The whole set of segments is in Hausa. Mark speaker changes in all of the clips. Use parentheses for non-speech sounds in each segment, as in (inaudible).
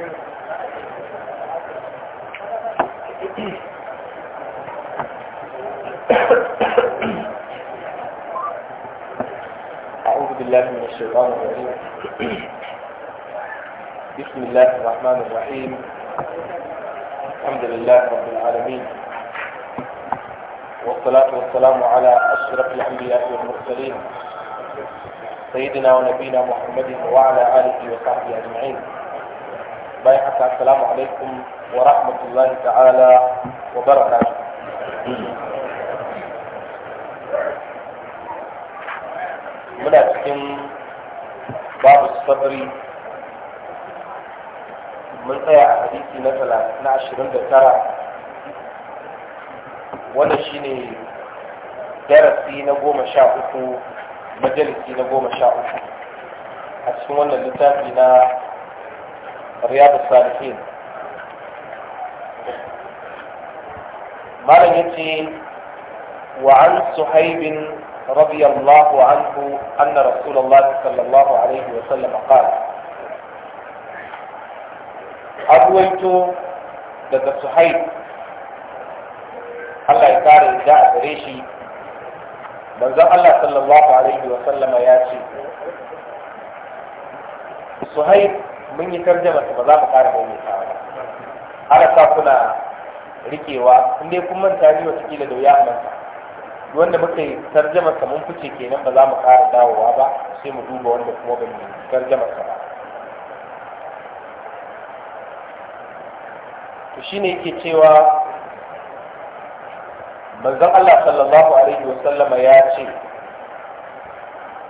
Speaker 1: أعوذ بالله من الشيطان الرجيم بسم الله الرحمن الرحيم
Speaker 2: الحمد لله
Speaker 1: رب العالمين والصلاة والسلام على أشرف الأنبياء والمرسلين سيدنا ونبينا محمد وعلى آله وصحبه أجمعين بايحك السلام عليكم ورحمة الله تعالى وبركاته من أتكلم باب الصبر من أي حديث نزل نعشرين بكرة وانا شيني درسي نقوم شاعوكو مجلسي نقوم شاعوكو أسمونا اللي تابينا رياض الصالحين مالا يتي وعن صهيب رضي الله عنه أن رسول الله صلى الله عليه وسلم قال أرويت لدى صهيب الله يكاري جاء بريشي manzon الله صلى الله عليه وسلم ya ce mun yi tarjama ba za mu ƙara maimaitawa ba ana sa kuna rikewa in dai kun manta ni wata kila da wuya manta wanda muka yi tarjama sa mun fice kenan ba za mu ƙara dawowa ba sai mu duba wanda kuma ba mu tarjama sa ba to shine yake cewa manzon Allah sallallahu alaihi wasallama sallama ya ce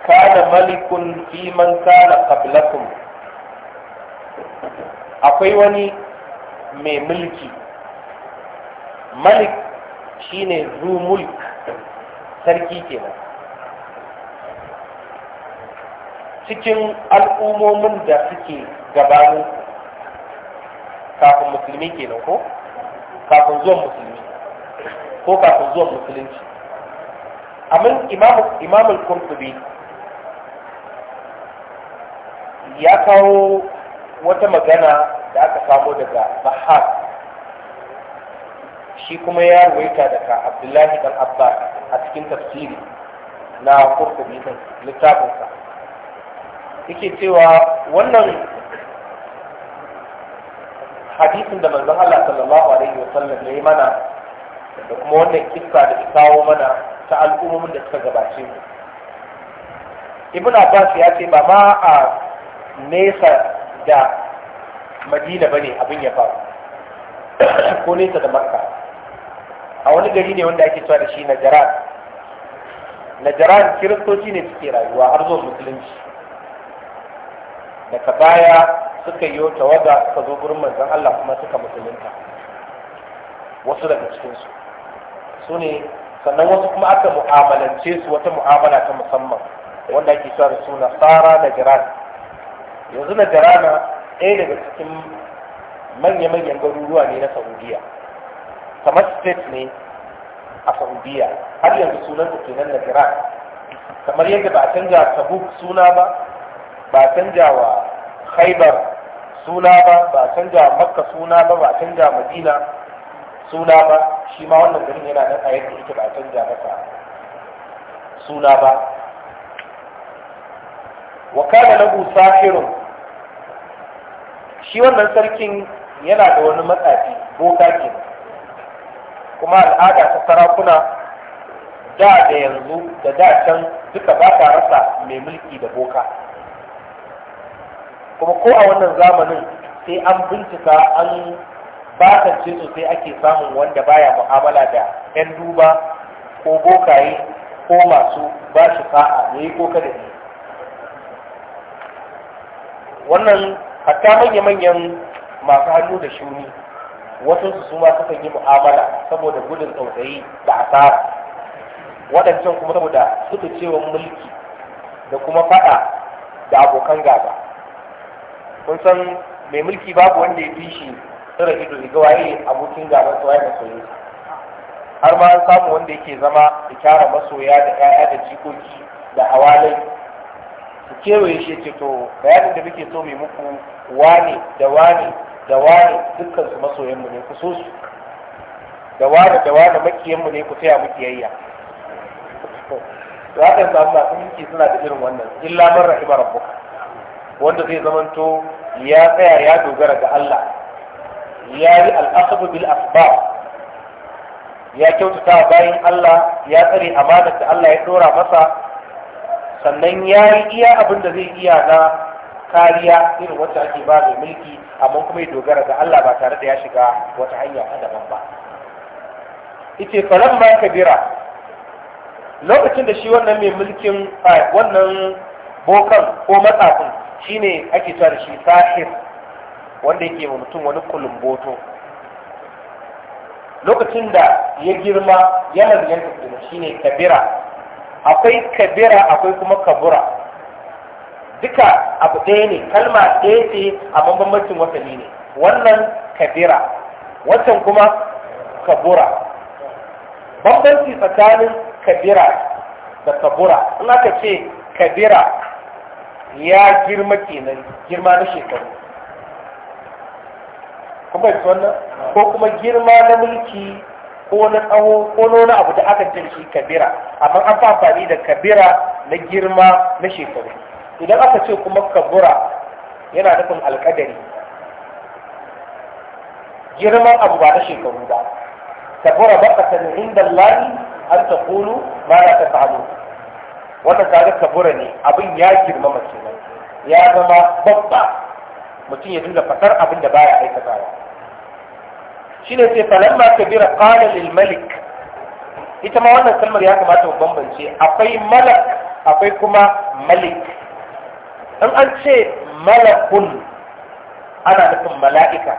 Speaker 1: kana malikun fi man kana qablakum akwai wani mai mulki malik shine zu mulk sarki kenan cikin al'ummomin da suke gabanu kafin musulmi kenan ko kafin zuwan musulmi ko kafin zuwan musulunci amin imamul kurtubi ya kawo wata magana da aka samo daga bahar shi kuma ya ruwaita daga abdullahi dan abbas a cikin tafsiri na kurkubi din littafinsa yake cewa wannan hadisin da manzon Allah sallallahu alaihi wa sallam ya yi mana da kuma wannan kissa da kawo mana ta al'ummomin da suka gabace mu ibn abbas ya ce ba ma a nesa da madina ba ne abin ya faru (coughs) ko nesa da makka a wani gari ne wanda ake cewa da shi najaran najaran kiristoci ne suke rayuwa har zuwa musulunci daga baya suka yi tawaga suka zo gurin manzon Allah kuma suka musulunta wasu daga cikinsu su ne sannan wasu kuma aka mu'amalance su wata mu'amala ta musamman wanda ake cewa da su nasara najaran yanzu na jarana ɗaya daga cikin manya-manyan garuruwa ne na saudiya kamar state ne a saudiya har yanzu sunan da kenan na jiran kamar yadda ba a canja tabuk suna ba ba a canja wa haibar suna ba ba a canja makka suna ba ba a canja madina suna ba shi ma wannan garin yana nan a yadda yake ba a canja masa suna ba wa له ساحر shi wannan sarkin yana da wani matsafi boka ke kuma al'ada ta sarakuna da da yanzu da da can duka ba ta rasa mai mulki da boka kuma ko a wannan zamanin sai an bincika an bakance sosai ake samun wanda baya mu'amala da 'yan duba ko bokaye ko masu ba shi sa'a ne ko kada ne wannan hatta manya-manyan masu hannu da shuni wasu su ma sukan yi mu'amala saboda gudun tsautsayi da asara waɗancan kuma saboda suka cewa mulki da kuma faɗa da abokan gaba kun san mai mulki babu wanda ya fi shi tsira ido ga waye abokin gaban su waye masoyi har ma an samu wanda yake zama da kyara masoya da 'ya'ya da jikoki da hawalai Ku kewaye shi ce to bayanin da muke so mai muku wane da wane da wane dukkan su masoyanmu ne ku so su da wane da wane makiyanmu ne ku taya muke yayya to haka sa Allah sun yi suna da irin wannan illa man rahima rabbuka wanda zai zamanto ya tsaya ya dogara ga Allah ya yi al'asabu bil asbab ya kyautata bayan Allah ya tsare amanar da Allah ya dora masa sannan ya yi iya abin da zai iya na kariya irin wacce ake ba mai mulki amma kuma ya dogara ga Allah ba tare da ya shiga wata hanya ta daban ba ita faran ma kabira lokacin da shi wannan mai mulkin wannan bokan ko matsafin shine ake cewa da shi sahir wanda yake wa mutum wani kulumboto lokacin da ya girma ya lalzanta kuma shine kabira akwai kabira akwai kuma kabura duka abu ɗaya ne kalma ɗaya ce a bambancin watanni ne wannan kabira watan kuma kabura bambanci tsakanin kabira da kabura in aka ce kabira ya girma kenan girma na shekaru kuma yi wannan ko kuma girma na mulki ko na tsawo ko wani abu da aka ce shi kabira amma an fi amfani da kabira na girma na shekaru idan aka ce kuma kabura yana nufin alkadari girman abu ba na shekaru ba kabura ba ka sani inda lani an ta kulu ba na ta samu wannan kaga kabura ne abin ya girma mace ya zama babba mutum ya dinga fatar abin da baya aikatawa Shi shine sai falamma kabira qala lil malik ita ma wannan kalmar ya kamata mu bambance akwai malak akwai kuma malik in an ce malakun ana nufin mala'ika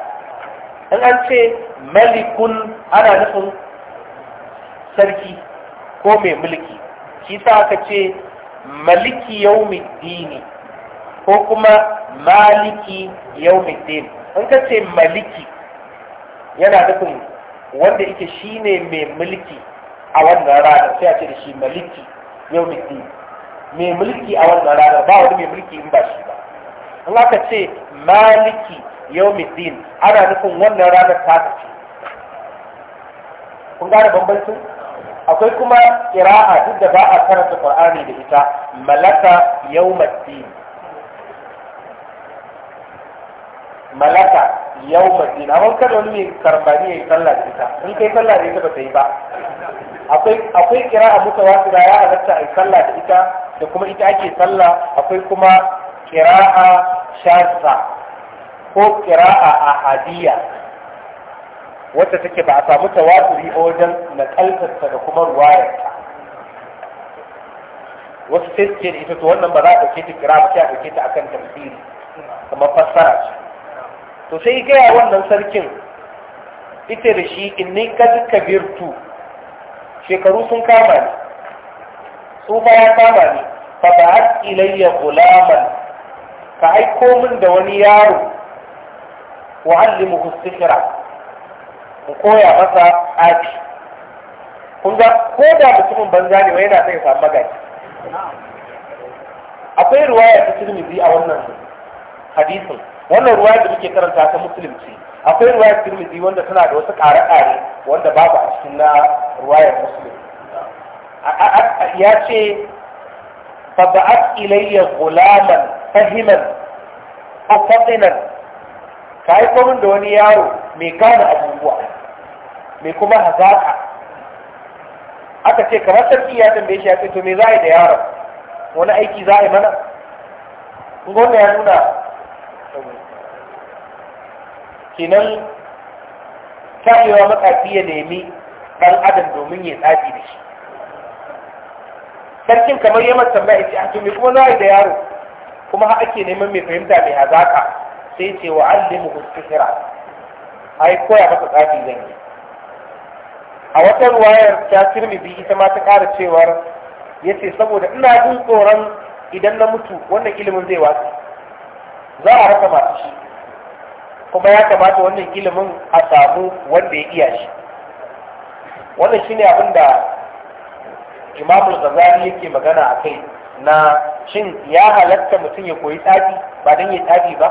Speaker 1: in an ce malikun ana nufin sarki ko mai mulki shi sa aka ce maliki yaumiddini ko kuma maliki yaumiddin in ka ce maliki yana nufin wanda yake ne mai mulki a wannan rana sai a ce da shi maliki yau da mai mulki a wannan rana, ba wani mai mulki in ba shi ba in aka ce maliki yau din ana nufin wannan ranar ta ce kun gane bambancin akwai kuma kira'a duk da ba a karanta qur'ani da ita malaka yau din malaka yau ce na wanka da wani mai karfani ya yi sallah da ita in kai sallah da ita ba ta yi ba akwai kira a muka wasu da ya halatta a yi sallah da ita da kuma ita ake sallah akwai kuma kira'a shasa ko kira'a ahadiyya wacce take ba a samu tawaturi a wajen na kalfasta da kuma ruwayarta wasu sai suke da ita to wannan ba za a ɗauke ta kira ba sai a ɗauke ta akan tafsiri kamar fassara ce to sai gaya wannan sarkin ita da shi in ni ka duka birtu shekaru sun kama ni ba ya kama ni fa a ilayya gulaman ka aiko min da wani yaro wa allimu hussifira ku koya masa aji kun ga ko da mutumin banza ne wai yana sai samu magani akwai ruwaya ta tirmidhi a wannan hadisin wannan ruwa da muke karanta ta musulunci, akwai akwai ruwayar tirmidhi wanda tana da wasu kare-kare wanda babu a cikin na ruwayar musulunci. ya ce a fahimar a غلاما Ka yi كاي da wani yaro mai gane abubuwa, mai kuma hazaka? aka ce kamar sarki ya tambaye shi ya ce to me za a yi da yaron wani aiki za a yi mana gwamna ya nuna kinan kayewa matsafi ya nemi ɗan adam domin ya tsafi da shi sarkin kamar yamar tambaya ya ce a ah, tumi kuma za a yi da yaro kuma ha ake neman mai fahimta mai hazaka sai ce wa allimu hussira a yi koya masa tsafi zan yi a wata ruwayar ta biyu ita ma ta ƙara cewar ya ce saboda ina jin tsoron idan na mutu wannan ilimin zai wasu za a rasa masu shi kuma ya kamata wannan ilimin a samu wanda ya iya shi wannan shine abin da imamul ghazali yake magana a kai na shin ya halatta mutum ya koyi tsafi ba don ya tsafi ba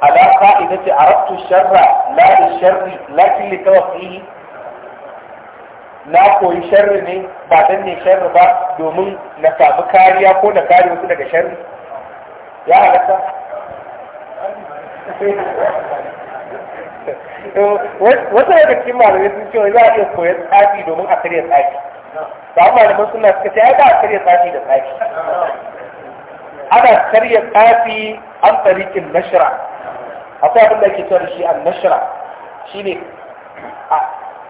Speaker 1: ala ka'idati arabtu sharra la shara sharri lakin li tawfihi na koyi sharri ne ba don ne sharri ba domin na samu kariya ko na kare wasu daga sharri ya halatta wasu daga cikin malamai sun ce za a iya koyar tsafi domin a karya tsafi ba malaman suna suka ce ai ba a karya tsafi da tsafi ana karya tsafi an tsarikin nashira akwai abin da ake cewa shi an nashira shine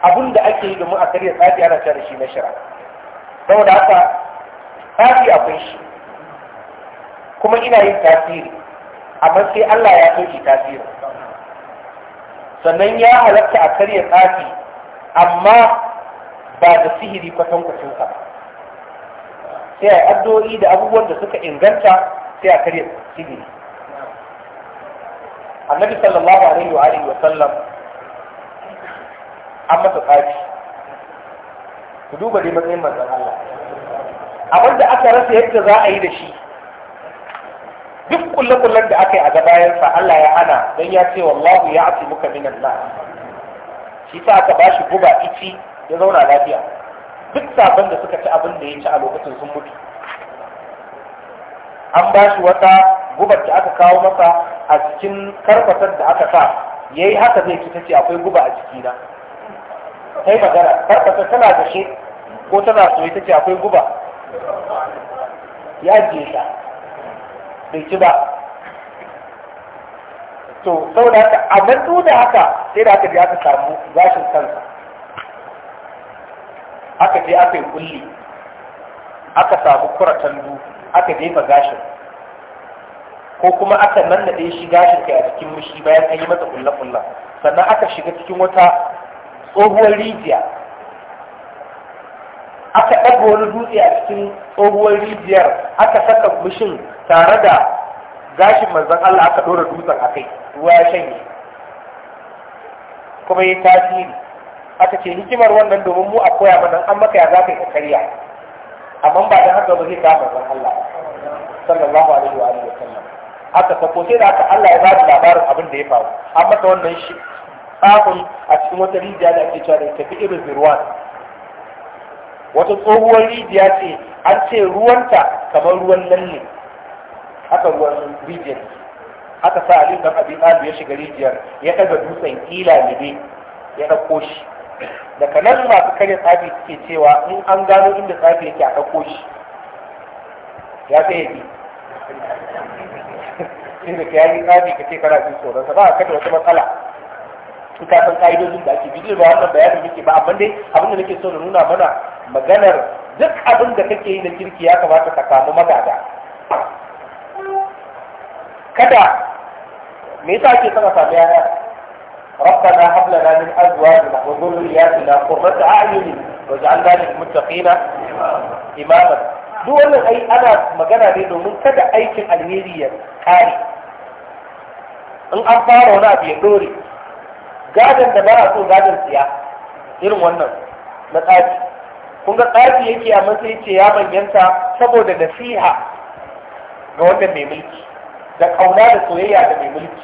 Speaker 1: abin da ake yi domin a karya tsafi ana cewa shi nashira saboda haka tsafi akwai shi kuma ina yin tasiri amma sai Allah ya shi tasirin sannan ya halatta a karya tsafi amma ba da sihiri kwatankwacin ba sai a addu'o'i da abubuwan da suka inganta sai a karya sihiri annabi sallallahu alaihi wa alihi wa sallam an masa tsafi ku duba dai matsayin manzon Allah abin da aka rasa yadda za a yi da shi duk kulle-kullen da aka yi a gabayansa Allah ya hana don ya ce wallahu ya ati muka minan na shi sa aka ba shi guba ici ya zauna lafiya duk sabon da suka ci abin da ya ci a lokacin sun mutu an ba shi wata gubar da aka kawo masa a cikin karfatar da aka sa ya yi haka zai ta ce akwai guba a jikina sai magana karfatar tana da shi, ko tana soye ta ce akwai guba ya je ta bai ci ba to saboda haka a matsu da haka sai da aka je aka samu gashin kansa aka je aka yi kulli aka samu kuratan du aka jefa gashin ko kuma aka nannaɗe shi gashin kai a cikin mushi bayan an yi masa kulla-kulla sannan aka shiga cikin wata tsohuwar rijiya aka ɗaga wani dutse a cikin tsohuwar rijiyar aka saka mushin tare da gashin manzan Allah aka dora dutsen a kai ruwa ya shanye kuma yi tasiri aka ce hikimar wannan domin mu a koya mana an maka ya zaka ka karya amma ba da haka ba zai ka zan Allah sallallahu alaihi wa alihi wasallam aka sako sai da aka Allah ya ba da labarin abin da ya faru an maka wannan shi tsafin a cikin wata rijiya da ake cewa da fi irin zirwan wata tsohuwar rijiya ce an ce ruwanta kamar ruwan lalle haka ruwan rijiyar haka sa Ali dan Abi Talib ya shiga rijiyar ya ɗaga dutsen kila ne dai ya ɗauko shi daga nan masu karya tsafi suke cewa in an gano inda tsafi yake a ɗauko shi ya sai ya bi inda ka yi tsafi ka ce kana jin tsoron sa ba a kada wata matsala in ka san ƙa'idojin da ake bi ba wannan bayanin muke ba amma dai abin da nake so na nuna mana maganar duk abin da kake yi na kirki ya kamata ka samu magada kada me yasa ake son a sami yaya ربنا هب لنا من ازواجنا وذرياتنا قرة اعين واجعلنا للمتقين اماما duk wannan ai ana magana ne domin kada aikin alheri ya kare in an fara wani abu ya dore gadon da ba a so gadon siya irin wannan na tsafi kun ga tsafi yake a matsayin ce ya manyanta saboda nasiha ga wannan mai mulki da kauna da soyayya da mai mulki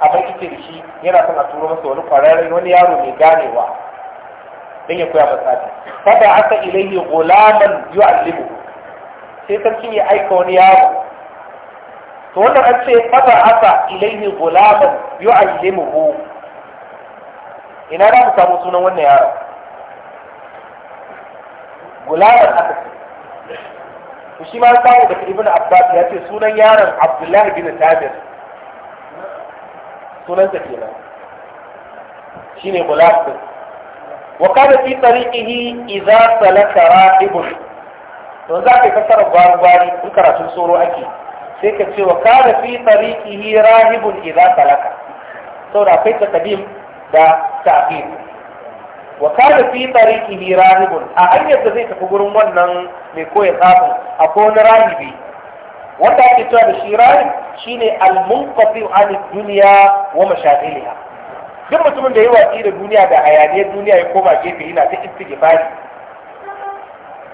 Speaker 1: amma ita da shi yana son a turo masa wani kwararren wani yaro mai ganewa don ya koya masa ta fada aka ilayi gulaman yu'allimu sai sarki ya aika wani yaro to wannan an ce fada aka ilayi gulaman ko. ina za mu samu sunan wannan yaro gulaman aka ce shi ma samu da ibn abbas ya ce sunan yaron abdullahi bin tabir ta kenan shine mulafin wa kana fi tariqihi idza salaka raqib to za ka fassara gwari gwari in karatun soro ake sai ka ce wa kana fi tariqihi rahibun idza salaka da akwai kadim da ta'khir wa kada fi ni rahibun a hanyar da zai tafi gurin wannan mai koya tsafin a wani rahibi wanda ake cewa da shi rahib shine al-munqati an dunya wa duk mutumin da ya watsi da duniya da hayaniyar duniya ya koma gefe yana ta istighfari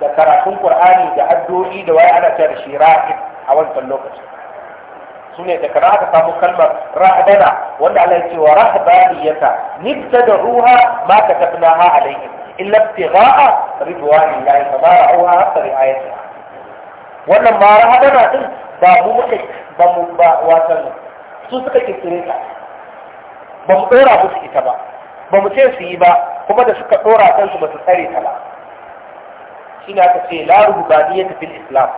Speaker 1: da karatun qur'ani da addu'o'i da waya ana cewa da shi rahib a wancan lokacin su ne daga ta samu kalmar rahdana wanda Allah ya ce wa rahbaniyata nibtada'uha ma katabnaha alaihim illa ibtigha'a ridwanillahi fama ra'uha hatta ri'ayatiha wannan ma rahdana din ba mu muka ba mu ba watan su suka kirkire ta ba mu dora musu ita ba ba mu ce su yi ba kuma da suka dora kansu ba su tsare ta ba shine aka ce la rububaniyata fil islam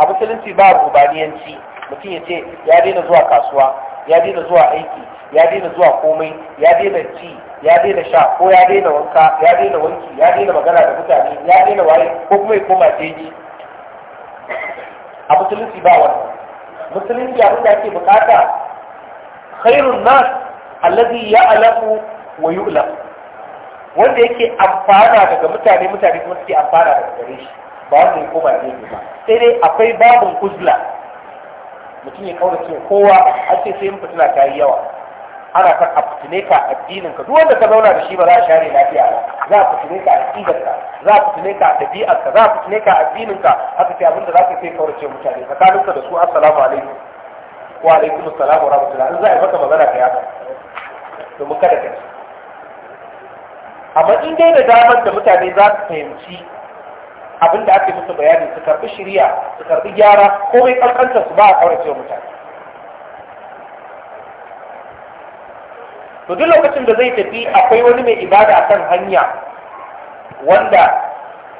Speaker 1: a musulunci ba rubaniyanci mutum ya ce ya daina zuwa kasuwa ya daina zuwa aiki ya daina zuwa komai ya daina ci ya daina sha ko ya daina wanka ya daina wanki ya daina magana da mutane ya daina waye ko kuma ya koma jeji a musulunci ba wannan musulunci abin da ake bukata khairun nas allazi ya'lamu wa yu'lam wanda yake amfana daga mutane mutane kuma suke amfana daga gare shi ba wanda ya koma jeji ba sai dai akwai babun uzla mutum ya kaura ce kowa an ce sai fitina ta yi yawa ana kan a fitine ka addinin ka duk wanda ka zauna da shi ba za a share lafiya ba za a fitine ka aqidar ka za a fitine ka dabi'ar ka za a fitine ka addinin ka haka ce, abinda za ka sai kaura ce mutane Ka tsakanin ka da su assalamu alaikum wa alaikum assalam wa rahmatullah in za a yi maka magana ka yaka domin kada ka ci amma in dai da damar da mutane za su fahimci abin da ake musu bayani su karbi shirya su karbi gyara komai kankantar su ba a kaurace wa mutane to duk lokacin da zai tafi akwai wani mai ibada a kan hanya wanda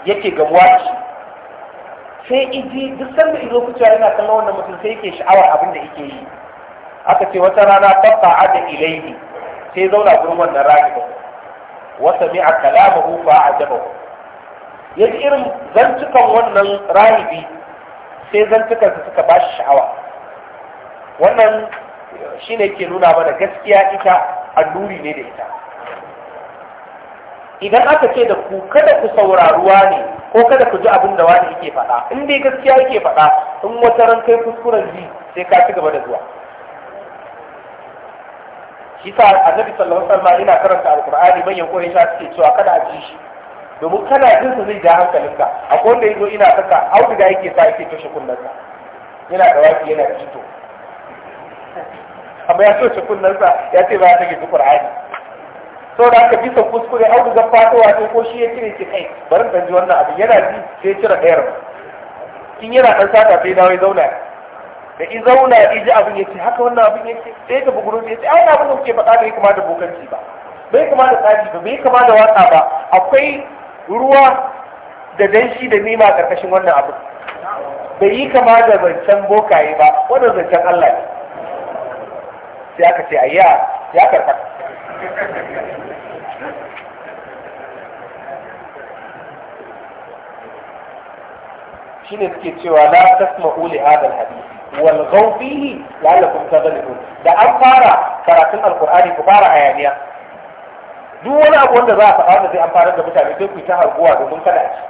Speaker 1: yake gamuwa da shi sai iji duk sanda izo kuciya yana kallon wannan mutum sai yake sha'awar abin da yake yi aka ce wata rana tabba ada ilaihi sai zauna gurin wannan rakibin wasa mi'a kalamahu fa ajabahu ya ji irin zantukan wannan rahibi sai su suka ba shi sha'awa wannan shi ne ke nuna mana gaskiya ita alluri ne da ita idan aka ce da ku kada ku sauraruwa ne ko kada ku ji abin da wani yake faɗa in dai gaskiya yake faɗa in wata ran kai kuskuren ji sai ka ci gaba da zuwa shi sa annabi sallallahu alaihi wasallam yana karanta alqur'ani manyan koyi sha suke cewa kada a ji shi domin kana jin sa zai ja hankalinka akwai wanda yazo ina saka da yake sa yake toshe kunnensa yana da waki yana cito amma ya toshe kunnensa ya ce ba ya take Qur'ani so da aka bisa kuskure auduga fatowa ce ko shi ya kire ki kai bari dan ji wannan abin yana ji sai cire ɗayar kin yana dan sata sai dawo zauna da in zauna ya ji abin yake haka wannan abin yake sai ka bugu ya ce ai abin da kuke faɗa bai kama da bokanci ba bai kama da tsaki ba bai kama da waka ba akwai ruwa da danshi da nima a ƙarƙashin wannan abu bai yi kama da zancen bokaye ba wannan zancen Allah ne sai aka ce ayya ya karɓa shine suke cewa la tasma'u li hadha al-hadith wal ghaw fihi la'allakum tadhlun da an fara karatun alqur'ani ku fara hayaniya. duk wani abu wanda za a faɗa wanda zai amfanar da mutane sai ku yi ta harguwa domin kada ci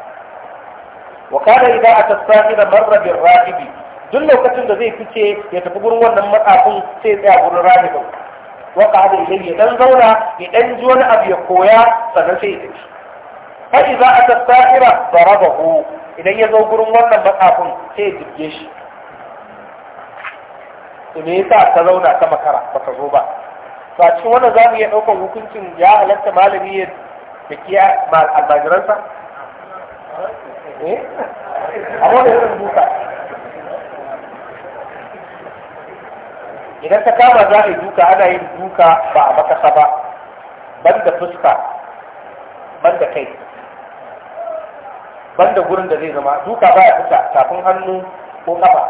Speaker 1: wa kada idan a tasaki da marrabin rahibi duk lokacin da zai fice ya tafi gurin wannan matsafin sai tsaya gurin rahibin wa kada idan ya dan zauna ya dan ji wani abu ya koya sannan sai ya tafi fa idza ata da darabahu idan ya zo gurin wannan matsafin sai ya jirge shi to me yasa ka zauna ta makara ba ka zo ba ba a cikin wannan za mu iya ɗaukar hukuncin ya halatta malami ya tafi almajiransa
Speaker 2: eh a wani irin duka idan ta kama
Speaker 1: za a yi duka ana yin duka ba a makasa ba ban da fuska ban da kai ban da gurin da zai zama duka ba a fita tafin hannu ko kafa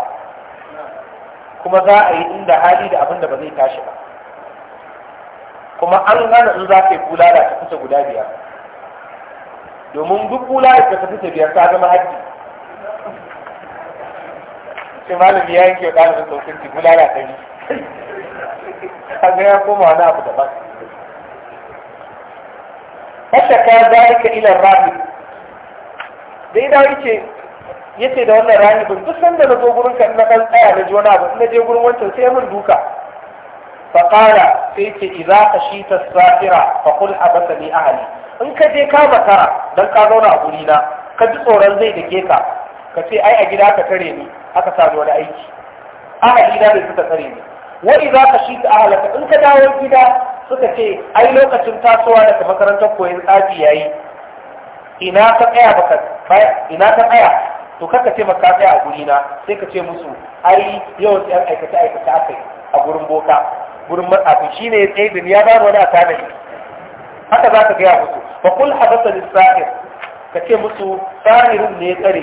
Speaker 1: kuma za a yi inda hali da abin da ba zai tashi ba kuma an gane in za ka yi bulala ta fita guda biyar domin duk bulala ta fita biyar ta zama haji shi malami ya yanke ɗalibin saukin ci bulala ta yi kaga ya koma wani abu daban
Speaker 2: fashaka
Speaker 1: ka ila ilan dai da yace yace da wannan rahibin duk sanda na zo gurin ka na kan tsaya na ji wani abu na je gurin wancan sai mun duka فقال سيك إذا خشيت السافرة فقل حبسني أهلي إن كجي كام ترى دل كانونا أقولينا كجي صورا زي دكيكا كسي أي أجلا كتريني أكا سامي ولا أيكي أهلينا بي ستتريني وإذا خشيت أهلك إن كداوي كدا سكتي أي لوكا تنتاسوا لك فكرا تقوين آجي أي ina ka tsaya baka ina ka tsaya to kaka ce maka tsaya a gurina sai ka ce musu ai yau sai an aikata aka akai a gurin boka gurin matsafi shi ne ya tsaye ya gano wani a tana shi haka za ka gaya musu ba kul habasa lissafin ka ce musu sahirin ne ya tsare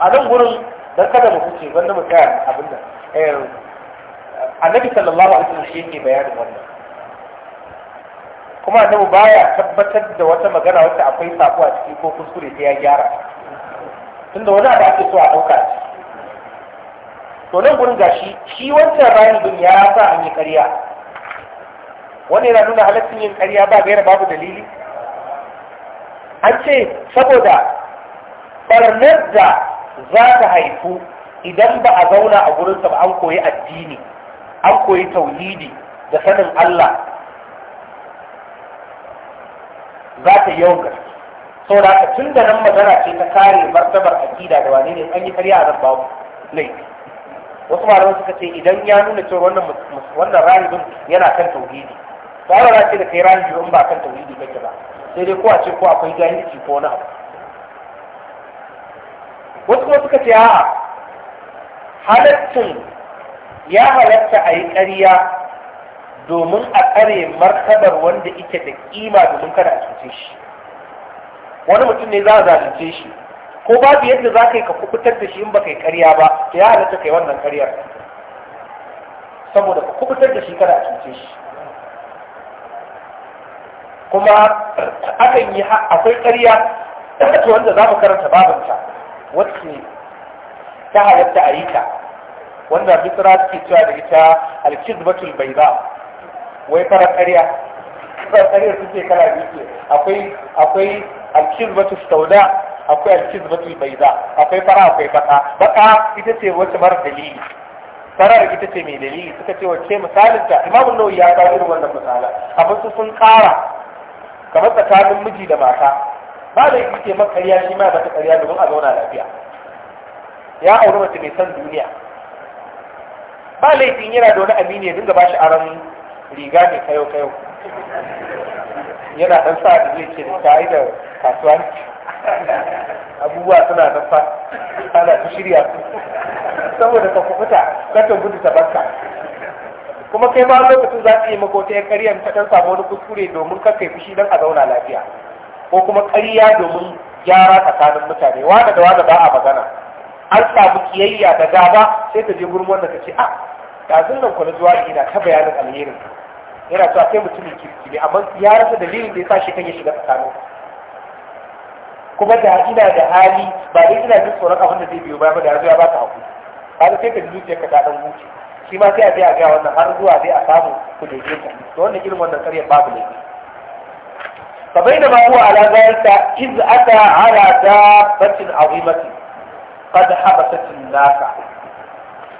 Speaker 1: a nan gurin don kada mu huce wanda mu tsaya abin nan eh, annabi sallallahu alaihi wasallam shi yake bayanin wannan kuma annabi baya tabbatar da wata magana wacce akwai sako a ciki ko kuskure sai ya gyara tunda wani abu ake so a ɗauka ciki to nan gurin gashi shi wancan rahibin ya sa an yi ƙarya wannan yana nuna halittun yin ƙarya ba gaira babu dalili an ce saboda ɓarnar da za ta haifu idan ba a zauna a gurinsa ba an koyi addini an koyi tauhidi da sanin Allah za ta yau gaske sau da tun da nan magana ce ta kare martabar aƙida da wane ne an yi karya a zan babu laifi wasu malaman suka ce idan ya nuna cewa wannan wannan rahibin yana kan tauhidi ba za a ce da kai rahibi in ba kan tauhidi kake ba sai dai ko a ce ko akwai jahilci ko wani abu wasu kuma suka ce a'a halattun ya halatta a yi ƙarya domin a tsare martabar wanda ike da kima domin kada a cuce shi wani mutum ne za a zalunce shi ko babu yadda za ka yi ka kuɓutar da shi in ba ka yi karya ba ya ta kai wannan karyar saboda ka kubutar da shi kada a cuce shi kuma akan yi akwai karya ta wanda za mu karanta babanta wacce ta halatta a yi ta wanda bisra suke cewa da ita batul bai ba wai fara karya farar karyar ce kala biyu akwai akwai batul sauda akwai bai baiza akwai fara akwai baka baka ita ce wacce mara dalili farar ita ce mai dalili suka ce wacce misalin ta imamu nawawi ya kawo irin wannan misalan amma su sun kara kamar tsakanin miji da mata ba da yake ce maka ƙarya shi ma ba ta ƙarya domin a zauna lafiya ya auri mace mai son duniya ba laifin yana da wani amini ya dinga bashi aran aron riga mai kayo kayo yana ɗan sa da zai ce da ta yi da kasuwanci abubuwa suna tafa ana ta shirya saboda ka kufuta kata gudu ta barka kuma kai ma lokacin za ka yi makota ya karya ta dan samu wani kuskure domin ka kai fushi dan a zauna lafiya ko kuma ƙarya domin gyara tsakanin mutane wanda da wanda ba a magana an samu kiyayya da gaba sai ta je gurin wanda ta ce a ah, ɗazun nan kwana zuwa ina ta bayanin alherin yana cewa kai mutumin kirki ne amma ya rasa dalilin da ya sa shi kan ya shiga tsakanin kuma da ina da hali ba dai ina jin tsoron abin da zai biyo ba da ya ba ta hakuri har sai ka zuciya ka ta dan huce shi ma sai a je a ga wannan har zuwa sai a samu ku daidaita to wannan irin wannan karyar babu ne huwa ala zalika iz ata ala على دابة عظيمة قد حبست nasa.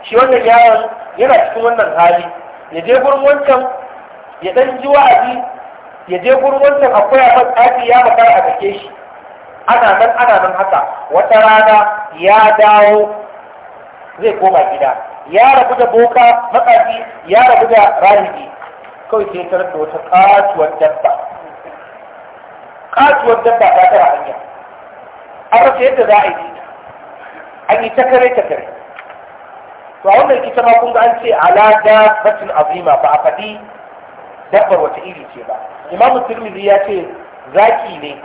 Speaker 1: shi wannan yaron yana cikin wannan hali ya je gurin wancan ya dan ji wa'azi ya je gurin wancan akwai a tsafi ya makara a kake shi ana nan ana nan haka wata rana ya dawo zai koma gida ya rabu da boka makafi ya rabu da rahibi kawai sai tarar da wata katuwar dabba katuwar dabba ta tara hanya an rasa yadda za a yi an yi ta kare ta kare to a wannan ita ma kun ga an ce ala da batin azima ba a faɗi dabbar wata iri ce ba imamu turmizi ya ce zaki ne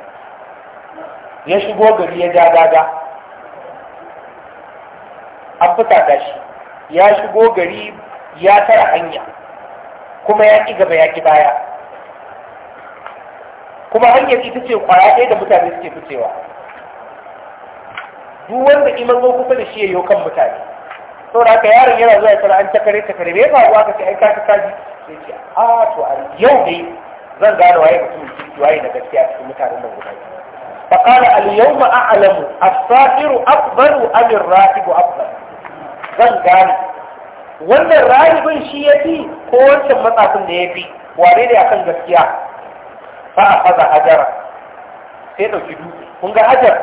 Speaker 1: ya shigo gari ya ja daga an fita shi ya shigo gari ya tara hanya kuma ya ƙi gaba ya ƙi baya kuma hanyar ita ce kwaya ɗaya da mutane suke fitewa duk wanda iman zo kusa da shi ya yi kan mutane saboda haka yaron yana zuwa tara an takare takare me faruwa aka ce ai ka kaji sai ce a ah, to a yau ne zan gane waye mutum waye na gaskiya cikin mutanen nan guda biyu فقال اليوم أعلم الصابر أكبر أم الراكب أكبر zan gane wannan rayuwar shi ya fi ko wancan matsafin da ya fi wane ne akan gaskiya fa a faza hajara sai ɗauki dutse kun ga hajar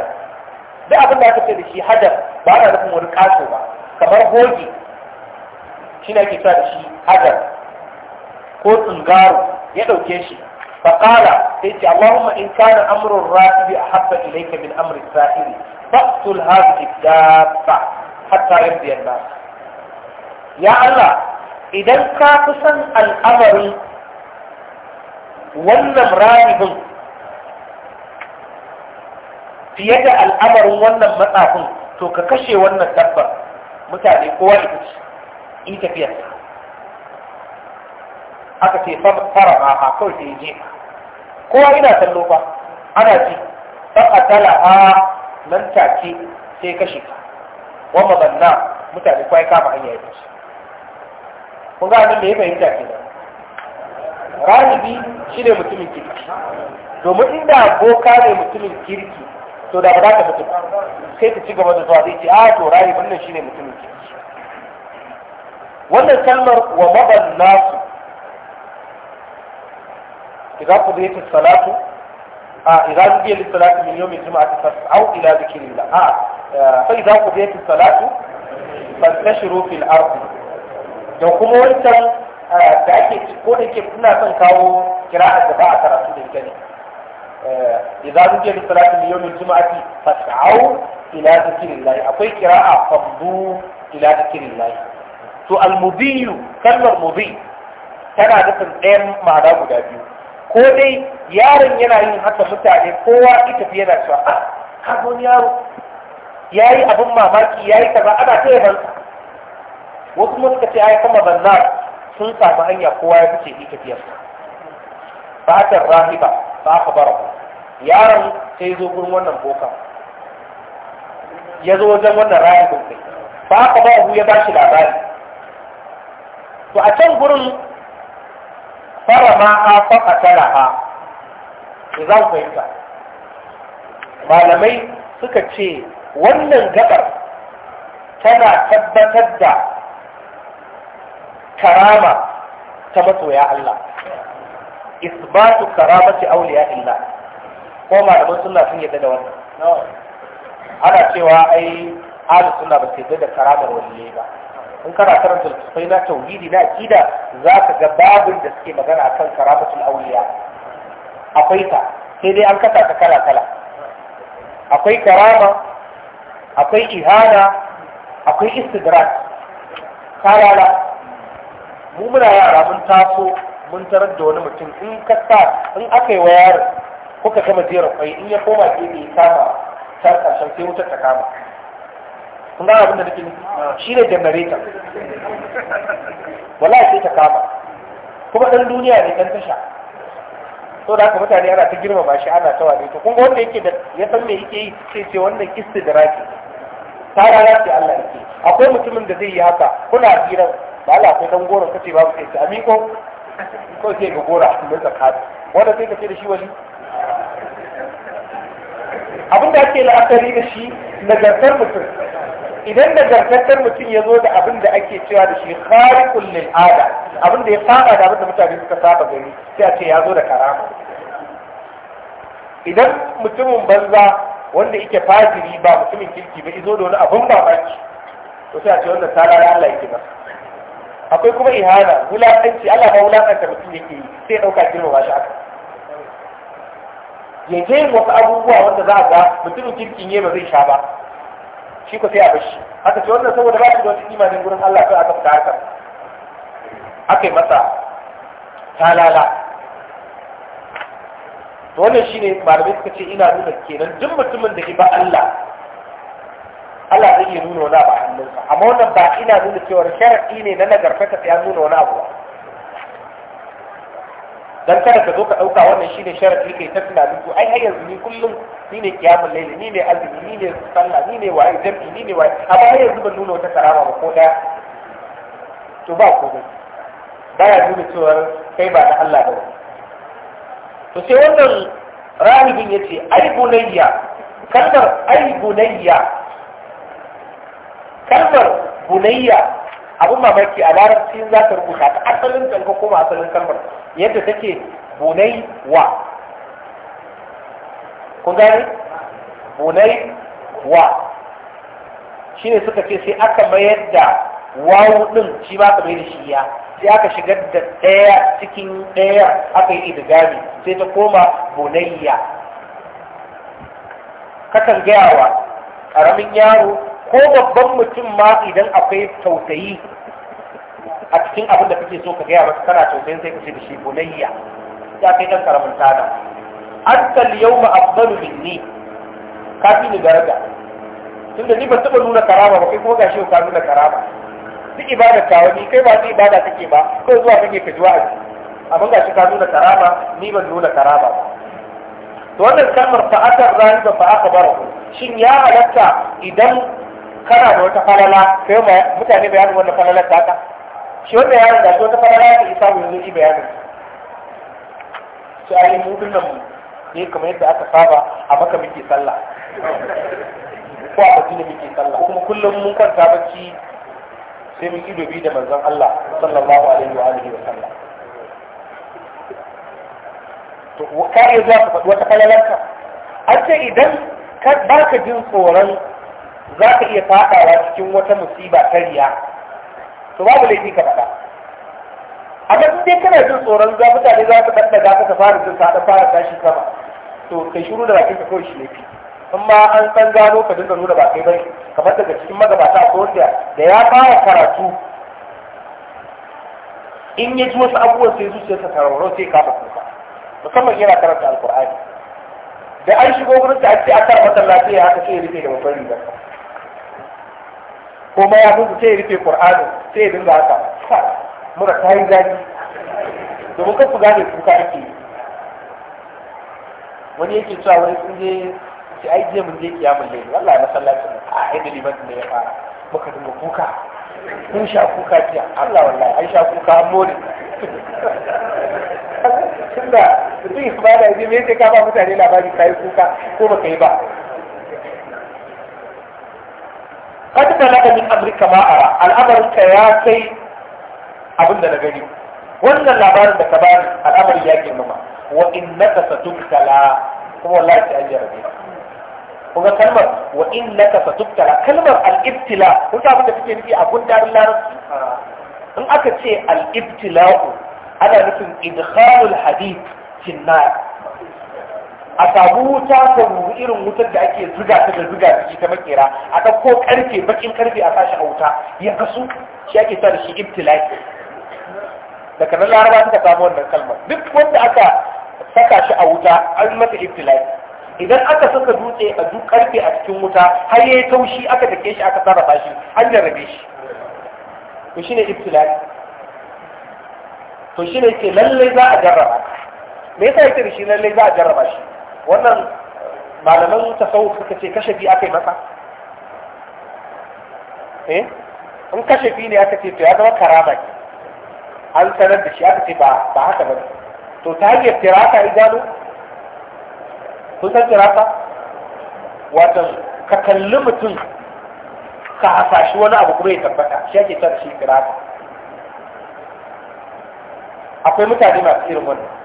Speaker 1: da abin da aka ce da shi hajar ba na nufin wani kaso ba kamar hoge shi na ke sa da shi hajar ko tsingaro ya ɗauke shi فقال إيش اللهم إن كان أمر الراتب أحب إليك من أمر السائل فاقتل هذه الدابة حتى يرضي الناس يا الله إذا كافسا الأمر wannan rahibin fiye da al'amarin wannan matsafin to ka kashe wannan dabbar mutane kowa ita ce in tafiyarsa aka ce fara ma ha kawai sai je kowa ina kallo fa ana ji a atala ha nan take sai kashe ka wa mabanna mutane kwaye kama hanyar yi su. kun ga abin da ya fahimta kenan rajibi shi ne mutumin kirki domin inda boka ne mutumin kirki to da ba za ka mutu sai ta ci gaba da zuwa zai ce a ah, to rahibin nan shi ne mutumin kirki wannan kalmar wa maban nasu idza qudiyat as-salatu a idza qudiyat as-salatu min yawm al-jum'ati fas'au ila dhikrillah a fa idza qudiyat as-salatu fantashiru fil ardi da kuma wancan da ake ko da ke ina son kawo kira'a da ba a karatu da ita ne idza qudiyat as-salatu min yawm al-jum'ati fas'au ila dhikrillah akwai kira'a famdu to al-mubiyu kalmar tana nufin ɗayan ma'ana guda biyu ko dai yaron yana yin haka mutane kowa ita tafi yana cewa a ah, kagon yaro ya yi abin mamaki ya yi kaza ana ta yaban wasu mun suka ce ai kama banza sun samu hanya kowa ya fice ita tafiyarsa ba ta rahiba ba ka bara yaron sai zo gurin wannan boka ya zo wajen wannan rahibin kai ba ka bara ya ba shi labari to a can gurin farama faɗa faƙatala ha za ku fahimta malamai suka ce wannan gabar tana tabbatar da karama ta masoya Allah isbatu karamati auliya illa ko malamai suna sun yadda da wannan ana cewa ai ahlus sunna ba su yadda da karamar ne ba in kana karanta littattafai na tauhidi na akida za ka ga babin da suke magana akan karamatul auliya akwai ta sai dai an kasa ta kala kala akwai karama akwai ihana akwai istidrak kalala mu muna yara mun taso mun tarar da wani mutum in ka sa in aka yi wa yaron kuka gama jerin kwai in ya koma gefe ya kama ta sai wutar ta kama kun gane abin da nake shi ne generator wallahi sai ta kama kuma ɗan duniya ne ɗan tasha so da haka mutane ana ta girmama shi ana ta wane to kun ga wanda yake da ya san me yake yi sai ce wannan rafi ta rana ce Allah yake akwai mutumin da zai yi haka kuna hira ba Allah akwai dan goro kace babu sai ce amiko ko sai ga gora a cikin zakat wanda sai kace da shi wani
Speaker 2: abin da ake la'akari
Speaker 1: da shi nagartar mutum idan da zartattar mutum ya zo da abin da ake cewa da shi kari kullin ada abin da ya saba da abin da mutane suka saba gani sai a ce ya zo da karama idan mutumin banza wanda yake fajiri ba mutumin kirki ba izo da wani abin mamaki to sai a ce wannan talala Allah yake ba. akwai kuma ihana wulaƙanci Allah ba wulaƙanta mutum yake yi sai ɗauka ba shi aka ya je wasu abubuwa wanda za a ga mutumin kirkin ne ba zai sha ba shi ko sai a bashi aka ce wannan saboda ba shi da wani imanin gurin Allah sai aka fita haka aka yi masa talala to wannan shine malamai suka ce ina nuna kenan duk mutumin da ke ba Allah Allah zai iya nuna wani abu a hannunsa amma wannan ba ina nuna cewa sharaɗi ne na nagartaka ta ya nuna wani abu ba dan kada ka zo ka dauka wannan shine sharadi kai ta tunanin to ai ai yanzu ni kullum ni ne kiyamul layli ni ne azumi ni ne sallah ni ne wa'i jami'i ni ne wa'i amma har yanzu ban nuna wata karama ba ko daya to ba komai baya nuna cewa kai ba da Allah ba to sai wannan rahibin yace ai bunayya kalmar ai bunayya kalmar bunayya abin mamaki a larabci za ta rubuta ta asalin kalma kuma asalin kalmar yadda take bunai wa kun gani bunai wa shi ne suka ce sai aka mayar da wawu din shi ba ka mai da shi ya sai aka shigar da ɗaya cikin ɗaya aka yi idigami sai ta koma bunayya kakan gaya wa ƙaramin yaro ko babban mutum ma idan akwai tausayi a cikin abin da kake so ka gaya masa kana tausayin sai ka ce da shi bunayya ya kai dan karamin tada anta al-yawma afdalu minni ka fi ni daraja tunda ni ba taba nuna karama ba kai kuma gashi ka nuna karama duk ibada ta wani kai ba zai ibada kake ba ko zuwa kake ka ji wa'azi amma gashi ka nuna karama ni ban nuna karama ba to wannan kalmar fa'atar rani fa'a fa'aka barahu shin ya halatta idan kana da wata falala kai ma mutane bayanin wannan falalar ta ka shi wanda ya da wata falala ta isa mu yanzu shi bayanin shi ayi mu dinnan mu ne kamar yadda aka saba a maka muke sallah ko a Madina muke sallah kuma kullum mun kwanta bacci sai mun ido bi da manzon Allah sallallahu alaihi wa alihi wa sallam to ka iya zuwa ka faɗi wata falalarka an ce idan ka baka jin tsoron za ka iya faɗawa cikin wata musiba ta riya to babu laifi ka faɗa amma in dai kana jin tsoron za mutane za su ɗanɗa za ka fara jin ka fara tashi sama to kai shiru da bakin ka kawai shi laifi in ma an san gano ka dinga nuna ba kai bane kamar daga cikin magabata ko wanda da ya fara karatu in ya ji wasu abubuwan sai zuciyarsa tarwaro sai kafa kuka musamman yana karanta alkur'ani da an shigo wurin da ake a karɓar lafiya ya haka sai ya rufe da babban rigar ko ma ya fusu sai ya rufe qur'ani sai ya dinga haka mura ta yi zaki, domin kan ku gane kuka ake yi wani yake cewa wani sun je ce ai je mun je kiyamun laili wallahi masallacin a inda liman ne ya fara muka dinga kuka kun sha kuka jiya Allah wallahi an sha kuka an more
Speaker 2: (laughs) tunda
Speaker 1: mutum ya fara yi me yake ka ba mutane labari kai kuka ko baka yi ba ma بلغ من ya kai أرى الأمر كياكي أبن لغني da اللابان بكبان الأمر ياكي مما وإنك ستبتلى هو الله تأجر به kuma kalmar wa in laka satubtala kalmar al-ibtila kun da abinda nufi a gundarin larabci in aka ce al ana nufin idkhalul hadith fi a samu wuta ta ruru irin wutar da ake zuga ta da zuga ciki ta makera a ɗauko karfe bakin ƙarfe a sashi a wuta ya kasu shi ake sa da shi ibtilai daga nan laraba suka samu wannan kalmar duk wanda aka saka shi a wuta an masa ibtilai idan aka saka dutse a duk ƙarfe a cikin wuta har ya yayi taushi aka take shi aka sarrafa shi an jarrabe shi to shine ibtilai to shine ke lalle za a jarraba me yasa yake da shi lallai za a jarraba shi wannan malaman tasawuf suka ce kashafi aka yi masa eh kashe kashafi ne aka ce to ya zama karama ne an sanar da shi aka ce ba haka ba to ta hanyar tirata idanu kun san tirata watan ka kalli mutum ka hasashi wani abu kuma ya tabbata shi ake tar shi tirata akwai mutane masu irin wannan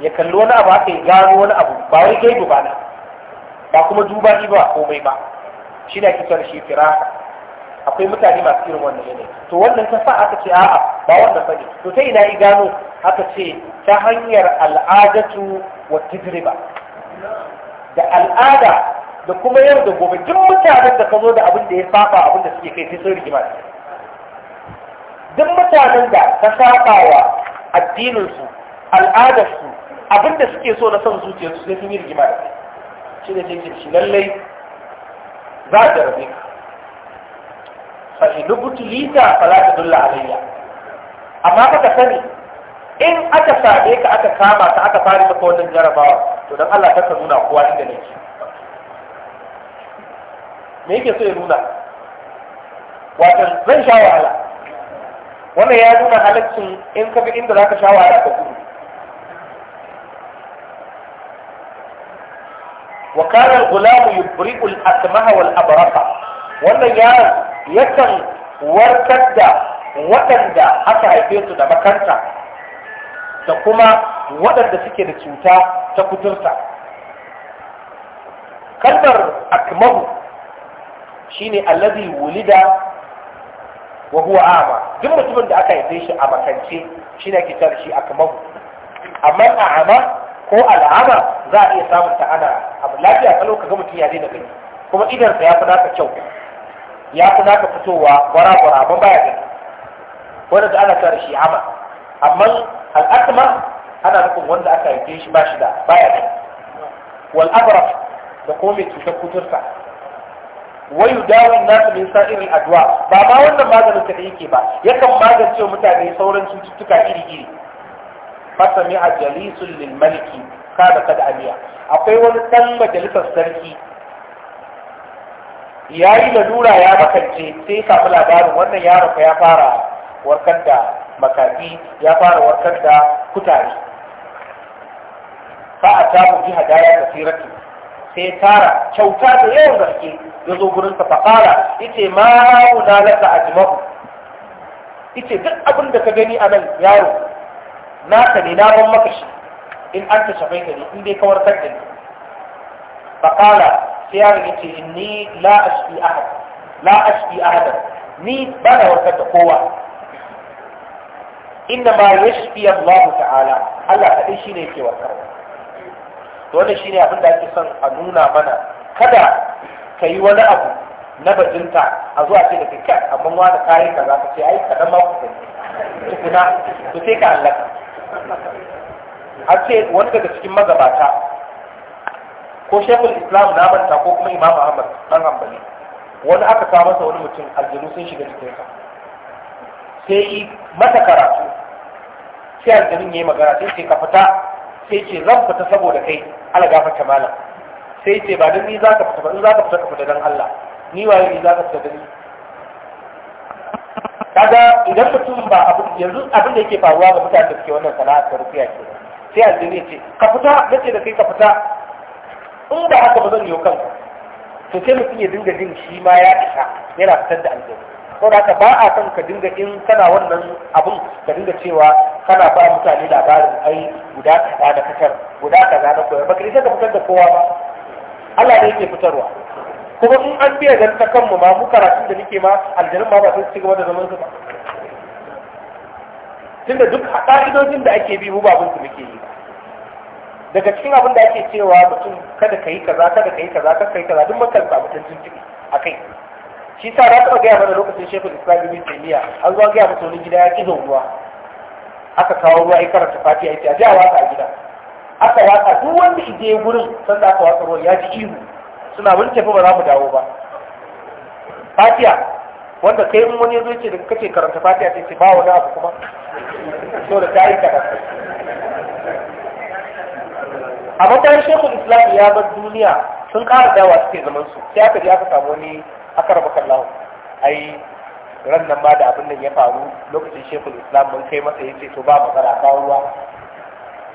Speaker 1: ya kalli wani abu haka ya gano wani abu ba wai gaibu ba na ba kuma duba ni ba komai ba shi ne ake kira shi firasa akwai mutane masu irin wannan yanayi to wannan ta sa aka ce a'a ba wannan bane to ta ina yi gano aka ce ta hanyar al'adatu wa tajriba da al'ada da kuma yau da gobe duk mutanen da ka zo da abin da ya saba abin da suke kai sai sun rigima duk mutanen da ka saba wa addininsu al'adarsu abin da suke so na son zuciyarsu sai sun yi rigima da shi ne take shi lallai za a jarabe ka fa in fa za ta dulla alayya amma ka sani in aka same ka aka kama ka aka fara maka wannan jarabawa to dan Allah ka nuna kowa inda nake me yake so ya nuna wato zan sha wahala wannan ya nuna halaccin in ka bi inda za ka sha wahala ka gudu wa kana al-ghulam yubri'u al-akmaha wal wannan yaron yakan warkar da waɗanda aka haife su da makanta da kuma waɗanda suke da cuta ta kuturta kalmar akmahu shine allazi wulida wa huwa ama duk mutumin da aka haife shi a makance shine ake cewa shi akmahu amma a'ama ko al'ada za a iya samun ta ana abu lafiya kalau ka ga mutum ya daina gani kuma idansa ya fi naka kyau ya fi naka fitowa gwara-gwara amma baya gani wanda da ana tare shi ama amma al'akma ana nufin wanda aka haife shi ba shi da baya gani wal abraf da kuma mai cutar kuturta wayu dawin nasu min sa'irin addu'a. ba ma wannan maganin ka da yake ba yakan magance mutane sauran cututtuka iri-iri fasami a jalisun lil maliki kada kada amiya akwai wani ɗan majalisar sarki ya yi lalura ya makance sai samu labarin wannan yaron ya fara warkar da makafi ya fara warkar da kutare fa a tabu bi hadaya kasiratu sai tara kyauta da yawan gaske ya zo gurin sa fara yace ma na a ajmahu yace duk abin da ka gani a nan yaro naka ne na ban maka shi in an ta shafai ka ne in dai kawar da ni faƙala sai yaron ya ce inni la ashfi ahad la ashfi ahad ni ba na warkar da kowa inda ma yashfi Allah ta'ala Allah kaɗai shi ne yake warkarwa wannan shine abin da ake son a nuna mana kada ka yi wani abu na bajinta a zuwa ce da kai amma wani kayan ka za ka ce ai kaɗan ma ku
Speaker 2: tukuna to sai
Speaker 1: ka hallaka an ce wani daga cikin magabata ko shekul islam na manta ko kuma imam ahmad dan hanbali wani aka kawo masa wani mutum aljanu sun shiga jikinsa sai yi mata karatu sai aljanun ya yi magana sai ce ka fita sai ce zan fita saboda kai ala gafarta malam sai ce ba don ni za ka fita ba in za ka fita ka fita don allah ni waye ni za ka fita don kaga idan mutum ba abu yanzu abin da yake faruwa ga mutane da suke wannan sana'a ta rufiya ke sai aljini ce ka fita nace da kai ka fita in ba haka ba zan yi kanka to sai mutum ya dinga jin shi ma ya isa yana fitar da aljini ko da haka ba a san ka dinga in kana wannan abun ka dinga cewa kana ba mutane labarin ai guda kaza da fitar guda kaza da koyar ba ka isa ka fitar da kowa ba Allah ne yake fitarwa kuma in an biya dan ta kanmu ma mu karatun da nake ma aljanun ma ba sun ci gaba da zaman su ba tunda duk ka'idojin da ake bi mu ba su muke yi daga cikin abin da ake cewa mutum kada ka yi kaza kada ka yi kaza kada ka yi kaza duk mutum samu ciki a kai shi sa na taɓa gaya mana lokacin shekul islam ibn taymiya an zo gaya mutum gida ya ƙi ruwa aka kawo ruwa ya karanta fati ya ce a ji a watsa a gida aka watsa duk wanda ije gurin sanda aka watsa ruwa ya ji ihu suna mun tafi ba za mu dawo ba fatiya wanda kai in wani zai ce da kace karanta fatiya sai ce ba wani abu kuma
Speaker 2: so da yi karatu a matsayin shekul islam ya
Speaker 1: bar duniya sun kara dawa suke zaman su sai aka je aka samu wani akar makallahu ai ran nan ma da abin nan ya faru lokacin shekul islam mun kai masa ya ce to ba matsala kawo ruwa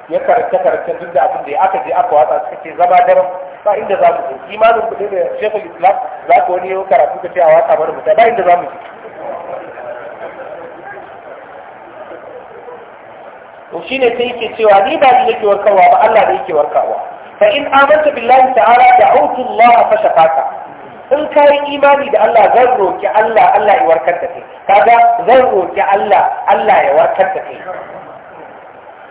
Speaker 1: ya karanta karanta duk da abin da ya aka je aka watsa suka ce zama daren ba inda za mu je imanin ku da shekul islam za ka wani yau karatu ka ce a watsa mana mutane ba inda za mu je to ne ta yake cewa ni ba ni yake warkarwa ba Allah da yake warkarwa fa in amanta billahi ta'ala da da'utu Allah fa shafaka in ka yi imani da Allah zan roki Allah Allah ya warkar da kai kaga zan roki Allah Allah ya warkar da kai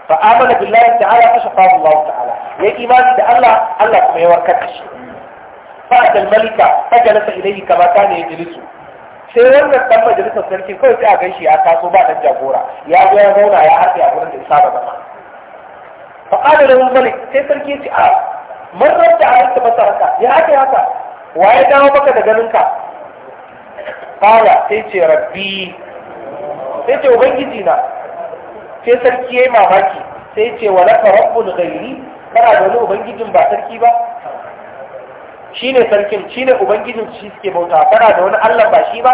Speaker 1: fa amana billahi ta'ala fa shafa Allah ta'ala ya imani da Allah Allah kuma ya warkar da shi fa dal malika fajalasa ilayhi kama kana yajlisu sai wannan dan majalisar sarki kawai sai a gaishe ya taso ba dan jagora ya zo ya zauna ya harbe a gurin da isa da zama fa qala lahu malik sai sarki ya ce a man rabta alayka basaraka ya haka haka waye dawo baka da ganin ka qala sai ce rabbi sai ce ubangiji na sai sarki ya yi mamaki sai ce wa laka rabbul ghairi kana da wani ubangijin ba sarki ba Shi ne sarkin shi ne ubangijin shi suke bauta kana da wani Allah ba shi ba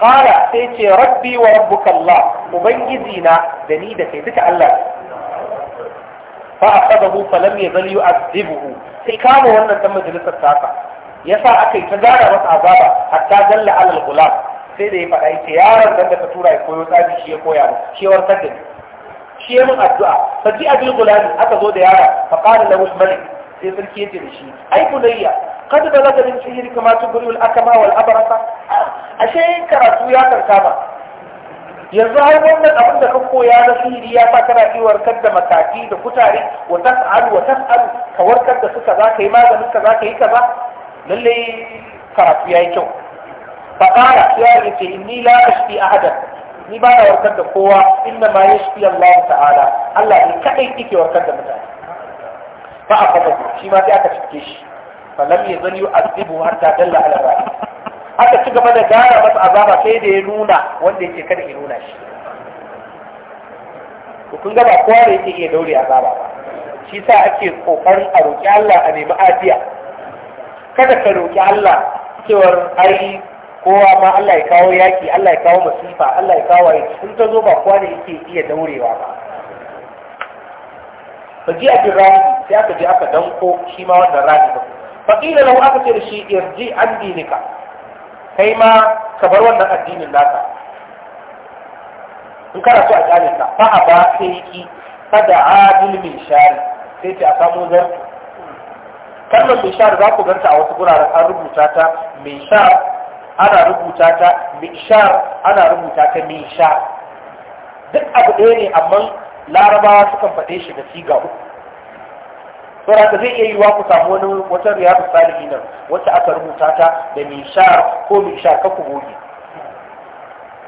Speaker 1: qala sai ce rabbi wa rabbuka Allah ubangiji na da ni da kai duka Allah fa aqadahu falam yazal yu'adhibuhu sai kama wannan dan majalisar taka yasa aka yi ta gara masa azaba hatta dalla alal gulam sai da ya faɗa ya ce yaron da ka tura ya koyo tsafi shi ya koya mu shi ya warkar da shi ya mun addu'a fa ji abin gulani aka zo da yara fa qala lahu malik sai sarki ya da shi ai bunayya kad balaka min sihri kama tubri al akama wal abrasa ashe karatu ya kankama yanzu har wannan abin da ka koya na sihiri ya sa kana iya warkar da mataki da kutare wa tas'alu wa tas'alu ka warkar da su kaza yi maganin kaza yi kaza lallai karatu ya yi kyau فقال يا ريت إني لا أشفي أحدا ni ba na warkar da kowa inna ma shi Allah ta'ala Allah ne kadai yake warkar da mutane ba a fa aka shi ma sai aka cike shi fa lam yazal yu'adhibu hatta dalla ala ra'i aka ci gaba da gara masa azaba sai da ya nuna wanda yake kada ya nuna shi to kun ga ba kowa da yake iya daure azaba ba shi sa ake kokarin a roki Allah a nemi afiya kada ka roki Allah cewar ai kowa ma Allah ya kawo yaki Allah ya kawo masifa Allah ya kawo aiki sun ta zo ba kowa ne yake iya daurewa ba fa ji a rami sai aka je aka danko shi ma wannan rani ba fa kila lahu aka ce da shi irji an dinika kai ma ka bar wannan addinin naka in kana so a gane ka fa a ba sai yaki kada adil min shari sai ce a samu zarfi kalmar min shari za ku ganta a wasu guraren an rubuta ta min shari ana rubuta ta mishar ana rubuta ta mishar duk abu ɗaya ne amma larabawa sukan faɗe shi da siga uku saboda ka zai iya yiwa ku samu wani wata riyadu salihi nan wacce aka rubuta ta da mishar ko mishar ka ku goge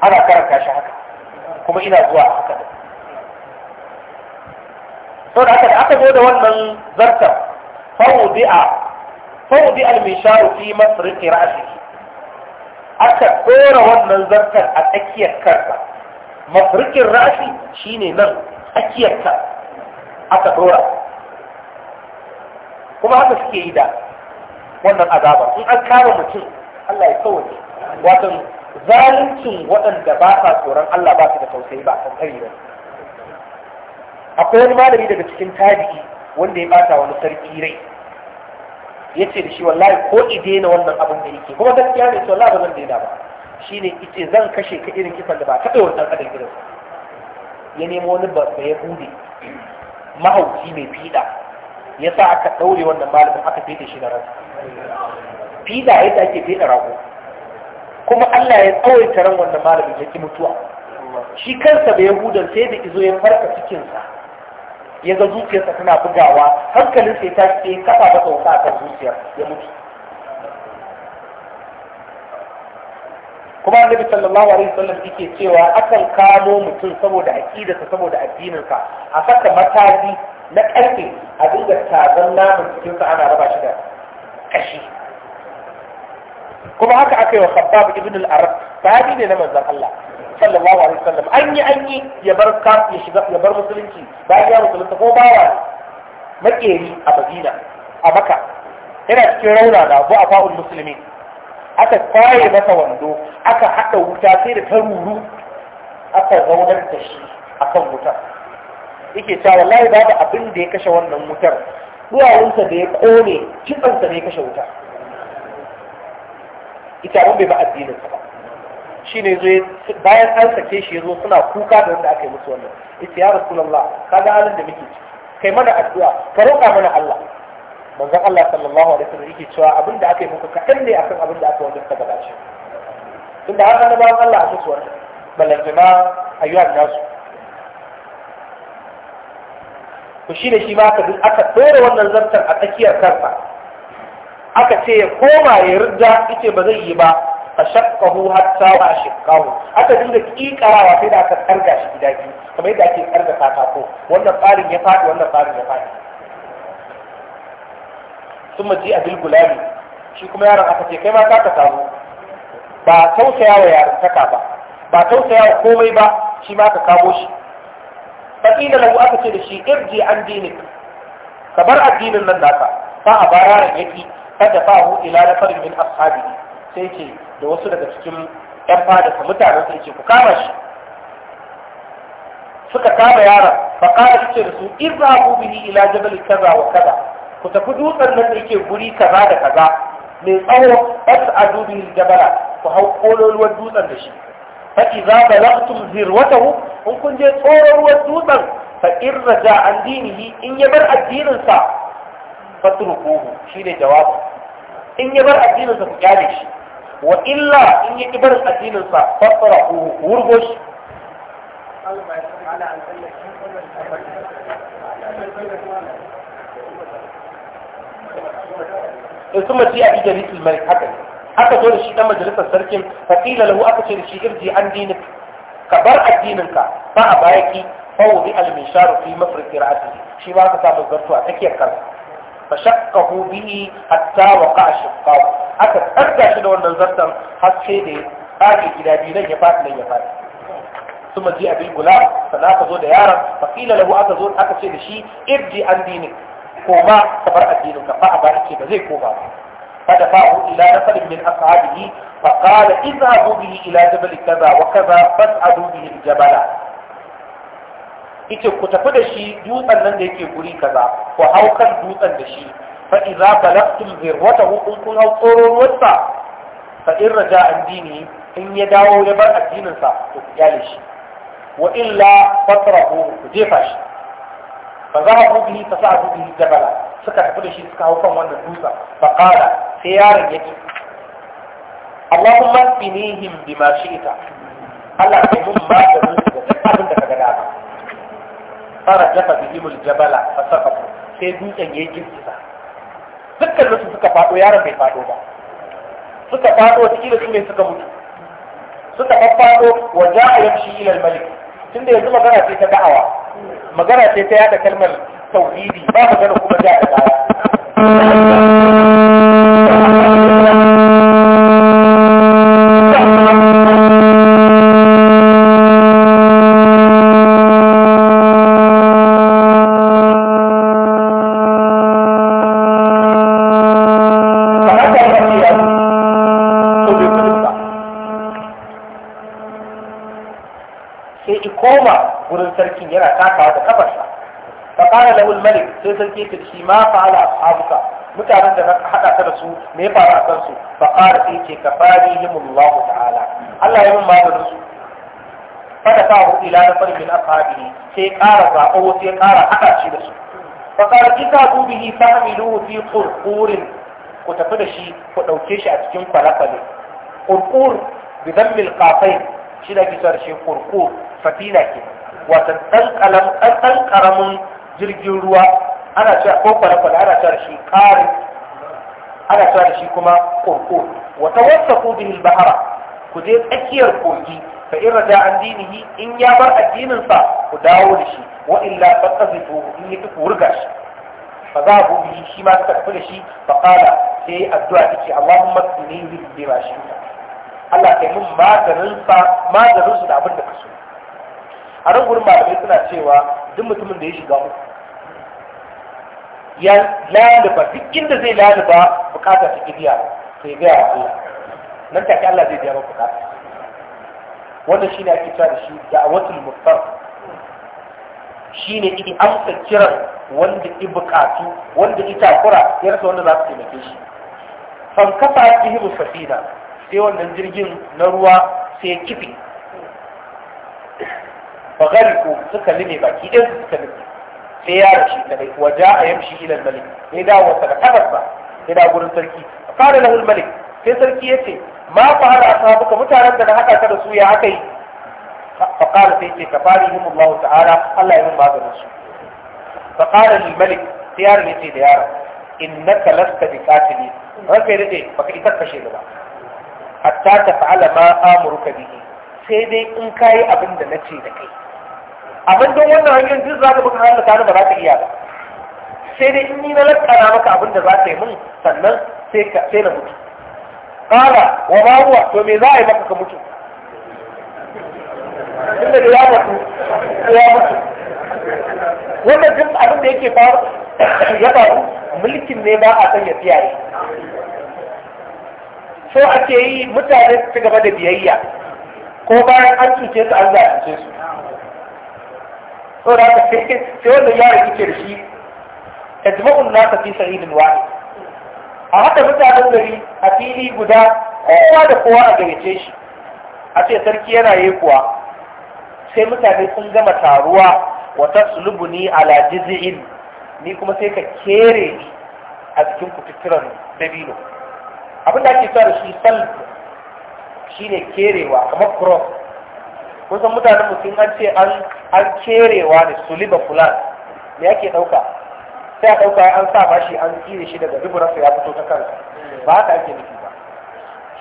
Speaker 1: ana karanta shi haka kuma ina zuwa haka da saboda da aka zo da wannan zartar fawudi a fawudi al-misharu fi masriqi ra'sihi aka ɗora wannan zartar a tsakiyar karsa mafrikin rashi shine nan tsakiyar ka aka ɗora kuma haka suke yi da wannan azaba in an kama mutum Allah ya kawai watan zaluncin waɗanda ba sa tsoron Allah ba su da tausayi ba a kan kari ba akwai wani malami daga cikin tabi'i wanda ya bata wani sarki rai ya ce da shi wallahi ko ide na wannan abin da yake kuma gaskiya ne to wallahi ba zan daina ba ne ice zan kashe ka irin kisan da ba taɓa wannan adam irin ya nemo wani ba ya hude mahauki mai fiɗa ya sa aka ɗaure wannan malamin aka fiɗe shi da ransa fiɗa yadda ake fiɗa rago kuma Allah ya tsawaita ran wannan malamin ya ki mutuwa shi kansa bai yahudan sai da izo ya farka cikinsa ya ga zuciyarsa tana bugawa hankalin sai ta ce kafa da sauka kan zuciyar ya mutu kuma annabi sallallahu alaihi wasallam yake cewa akan kamo mutum saboda aqidarsa saboda addininsa a saka mataki na karfe a dinga tazan namun cikinsa ana raba shi da kashi kuma haka aka yi wa khabbab ibn al-arab sahabi ne na manzon Allah sallallahu alaihi wasallam an yi an yi ya bar ka ya shiga ya bar musulunci bayan ya musulunta ko bawa makeri a Madina a Makka yana cikin rauna da Abu Afa'ul musulmi aka kwaye masa wando aka haɗa wuta sai da karuru aka zaunar da shi akan wutar yake cewa wallahi babu abin da ya kashe wannan wutar duwawunsa da ya kone kitsansa ne ya kashe wuta. ita abin bai ba addininsa ba shine zo bayan an sake shi yazo suna kuka da wanda aka yi musu wannan Ita ya rasulullah kaga halin da muke ciki kai mana addu'a ka roƙa mana Allah manzon Allah sallallahu alaihi wasallam yake cewa abinda aka yi muku kaɗan ne akan abinda aka wanda ta gabace tunda haka na bayan Allah a musu wannan balantana ayyuhan nasu to shi da shi ma aka aka dora wannan zartar a tsakiyar karfa aka ce ya koma ya rida yace ba zai yi ba fashakkahu hatta wa ashqahu aka dinga kikarawa sai da aka karga shi gida biyu kamar yadda ake karga katako wannan tsarin ya faɗi, wannan tsarin ya faɗi. summa ji abil gulami shi kuma yaron aka ce kai ma za ka samu ba tausaya wa yarantaka ba ba tausaya wa komai ba shi ma ka kamo shi fa ina lahu aka ce da shi irji an dinik ka bar addinin nan naka fa a bara yaki kada fa hu ila nafar min ashabi sai ce da wasu daga cikin ‘yan fadarsa mutane su ce ku kama shi suka kama yaron ba kama shi ce da su in za ku bihi ila jabal kaza wa kaza ku tafi dutsen nan da yake guri kaza da kaza mai tsawo as adu bihi jabala ku hau kololuwar dutsen da shi fa idza balagtum zirwatahu in kun je tsoron dutsen fa in raja an dinihi in ya bar addinin sa fatrukuhu shine jawabi in ya bar addinin sa ku kyale shi وإلا إن يكبر الدين فطرحوا ورغس
Speaker 2: ثم جاء في جليس
Speaker 1: الملك حتى حتى تقول الشيء أما جلس السركم فقيل له أكثر الشيء يرجي عن دينك كبر الدين دينك فأبايك فوضع المنشار في مفرق رأسه شيء واقع صاحب الزرطة أتكي أكبر فشقه به حتى وقع شقاوه aka tsarga shi da wannan zartan har sai da ya tsage gida biyu nan ya faɗi nan ya faɗi su maji a bil gula sannan aka zo da yaron fakila lahu aka zo aka ce da shi irji an dini koma ka bar addinin ka fa'a a ba ce ba zai koma ba da فدفعه إلى نفر من أصحابه فقال اذهبوا به إلى جبل كذا وكذا فاسعدوا به jabala. ita ku tafi da shi dutsen nan da yake guri kaza ku hau kan dutsen da shi fa idza balaqtum zirwatahu kun kun hau tsororuwarsa fa in raja an dini in ya dawo ya bar addininsa to ku kyale shi wa illa fatrahu ku jefa shi fa zahabu bihi fa sa'adu bihi jabala suka tafi da shi suka hau kan wannan dutsen fa qala sai yaron yake Allahumma da dama fara jabala sai dutsen yayi girgiza dukkan nasu suka faɗo yaron bai fado ba suka faɗo ciki da su ne suka mutu suka faɗo wa ja'a yamshi ila al-malik tunda yanzu magana ce ta da'awa magana ce ta yada kalmar tauhidi ba magana kuma ja'a da baya wurin sarkin yana takawa da kafarsa ba qala da al-malik sai sarki ya ce ma fa'ala abuka mutanen da na hada ta da su me ya faru a kan su fa fara sai ce kafarihimullah ta'ala Allah ya mun maganin su fada ta hu ila da farin min ashabihi sai ƙara zaɓo wasu ya ƙara hada shi da su fa qala kika dubihi fa'miluhu fi qurqurin ku tafi da shi ku ɗauke shi a cikin kwale-kwale qurqur bi dhammil qafai shi da ke shi qurqur fatina kenan wata ɗan ƙaramin jirgin ruwa ana cewa ko kwale-kwale ana cewa da shi ƙari ana cewa da shi kuma ƙorƙo wata wasa ko bihil bahara ku je tsakiyar kogi fa in raja an dinihi in ya bar addininsa ku dawo da shi wa illa faqazifu in yi ku wurga shi fa za ku bi shi ma suka tafi da shi fa qala sai addu'a take Allahumma tsinihi bi ma shi Allah kai mun maganin sa maganin su da abin da so. a ran gurin malamai suna cewa duk mutumin da ya shiga uku ya laluba duk inda zai laluba bukata ta kibiya sai gaya a Allah nan take Allah zai biya maka bukata wannan shine ake cewa da shi da'watul muftar shine idi amsa kiran wanda ke bukatu wanda ke takura ya rasa wanda za su taimake shi fankafa ihibu safina sai wannan jirgin na ruwa sai kifi فغرقوا سكا لمي باكي دين suka لمي sai ya rashi da dai waja a yamshi ila malik sai da wasu da kabar ba sai da gurin sarki fara lahul malik sai sarki ya ce. ma fara asabuka mutanen da na haka ka da su ya haka yi. qala sai ce kafarihim Allah ta'ala Allah ya maganin su fa qala lil malik sai ya rinse da yaron innaka lasta bi qatili kai yace baka ita kashe ba hatta fa'ala ma amuruka bihi sai dai in kai abin da nace da kai Abin don wannan hanyar duk za ka baka halaka ni ba za ka iya ba sai dai in ni na lakkana maka abin da za ka yi min sannan sai na mutu kala wa ma huwa to me za a yi maka ka mutu
Speaker 2: tunda da ya mutu ya mutu wannan
Speaker 1: duk abin da yake faru ya faru mulkin ne ba a san ya yi. so ake yi mutane su gaba da biyayya ko bayan an cuce su an zaɓe su so da haka sai wanda yaron da shi tajma'un nasa fi sa'idin wahid a haka mutanen gari a fili guda kowa da kowa a gayyace shi a ce sarki yana yi kuwa sai mutane sun gama taruwa wata sulubu ni ala ni kuma sai ka kere ni a cikin kututturan dabino abin da ake sa da shi salbu shine kerewa kamar cross Kusan san mutanen mutum an ce an kerewa da suliba fulan me yake ɗauka sai a ɗauka an sa bashi an tsire shi daga duburansa ya fito ta kansa ba haka ake nufi ba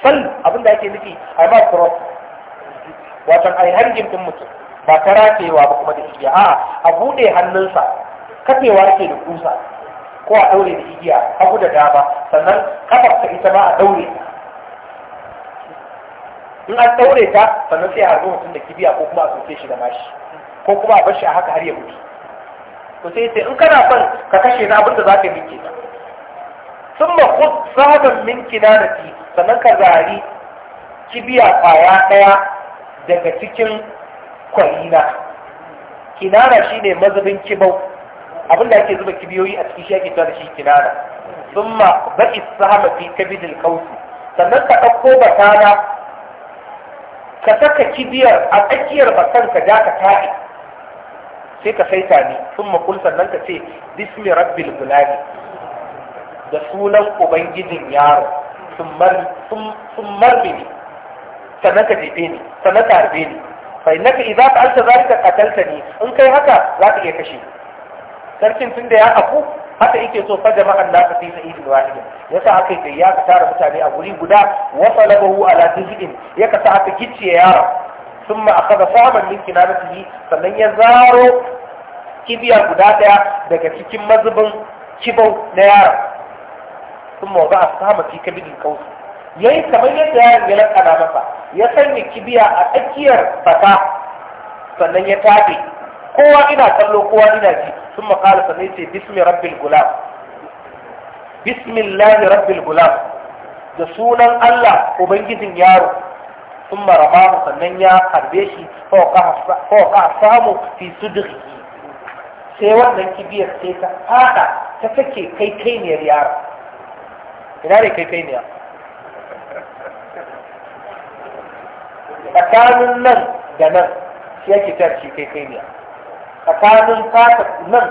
Speaker 1: sal abin da ake nufi a ma cross watan ai hangin din mutum ba ta ratewa ba kuma da igiya a a buɗe hannunsa kafewa ake da kusa ko a ɗaure da igiya hagu da dama sannan kafarsa ita ba a ɗaure in an daure ta sannan sai a harbi mutum da kibiya ko kuma a soke shi da mashi ko kuma a bashi a haka har ya mutu to sai sai in kana son ka kashe na abinda za ka minke ta sun ma ku sabon minki na ki sannan ka zari kibiya kwaya ɗaya daga cikin kwalina kinana shi ne mazubin kibau abinda ake zuba kibiyoyi a cikin shi ake tsara shi kinana sun ma baƙi sahama fi kabidil kausi sannan ka ɗauko batana ka saka kibiyar a tsakiyar bakan ka ja ka tafi sai ka saita ni sun makul sannan ka ce bismi rabbil gulani da sunan ubangijin yaro sun marmi ne sannan ka jefe ni sannan ka harbe ni fa innaka idza fa'alta zalika ni. in kai haka za ka iya kashe sarkin da ya afu haka yake so fa jama'an da ka fi sa'idin wahidin yasa aka yi ya ka tara mutane a guri guda wa talabahu ala tijin ya ka sa aka ya yaro thumma akhadha sahaban min kinanatihi sannan ya zaro kibiya guda daya daga cikin mazubin kibau na yaro thumma wada'a sahaba fi kabidil qaws yayi kamar yadda yaron ya lakana masa ya sanya kibiya a tsakiyar fata sannan ya tafi kowa ina kallo kowa ina ji ثم قال سميتي باسم رب الغلام بسم الله رب الغلام da sunan Allah ubangijin yaro sun marama sannan ya karbe shi fauka samu fi sudiri sai wannan kibiyar sai ta fada ta take kai kai ne yaro ina ne kai kai ne tsakanin nan da nan shi yake tarci kai kai ne tsakanin kata nan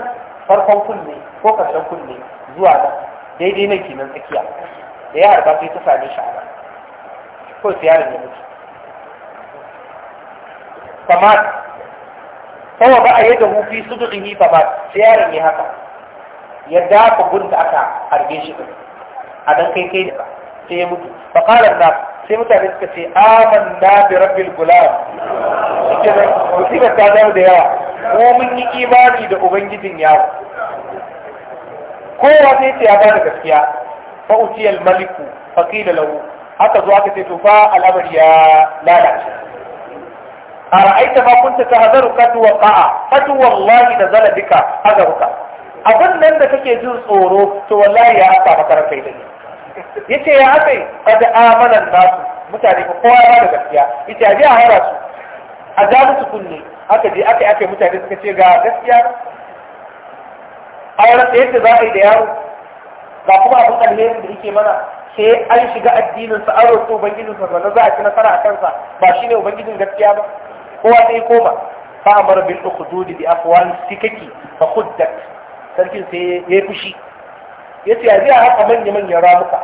Speaker 1: farkon kunne ko karshen kunne zuwa nan daidai nan nan tsakiya da ya harba sai ta same shi a nan ko sai yaron ya mutu famat kawai ba a yadda hufi su duɗin yi famat sai yaron ya haka ya dafa gun da aka harbe shi ɗin a nan kai kai ba. sai ya mutu faƙarar na sai mutane suka ce aman na bi rabbil gulam shi ke nan musibar ta zama da yawa ko mun yi imani da ubangijin yawo kowa sai ce ya bada da gaskiya fa utiyal maliku fa qila lahu aka zuwa aka to fa al'amari ya lalace a ra'aita ma kunta tahzaru kad waqa'a fatu wallahi nazala bika azruka abin nan da kake jin tsoro to wallahi ya aka maka rakai da ni yace ya aka kada amanan nasu mutane ko kowa ya bada gaskiya yace a bi a hara su a ja kunne aka je aka ake mutane suka ce ga gaskiya auren da yadda za a yi da yaro ga kuma abin alherin da yake mana sai an shiga addinin sa aro roƙi ubangijin sa sannan za a ci nasara a kansa ba shine ubangijin gaskiya ba kowa sai koma fa amara bil ukhududi bi afwan sikaki fa khuddak sarkin sai ya fushi yace ya zai haka manya manyan ramuka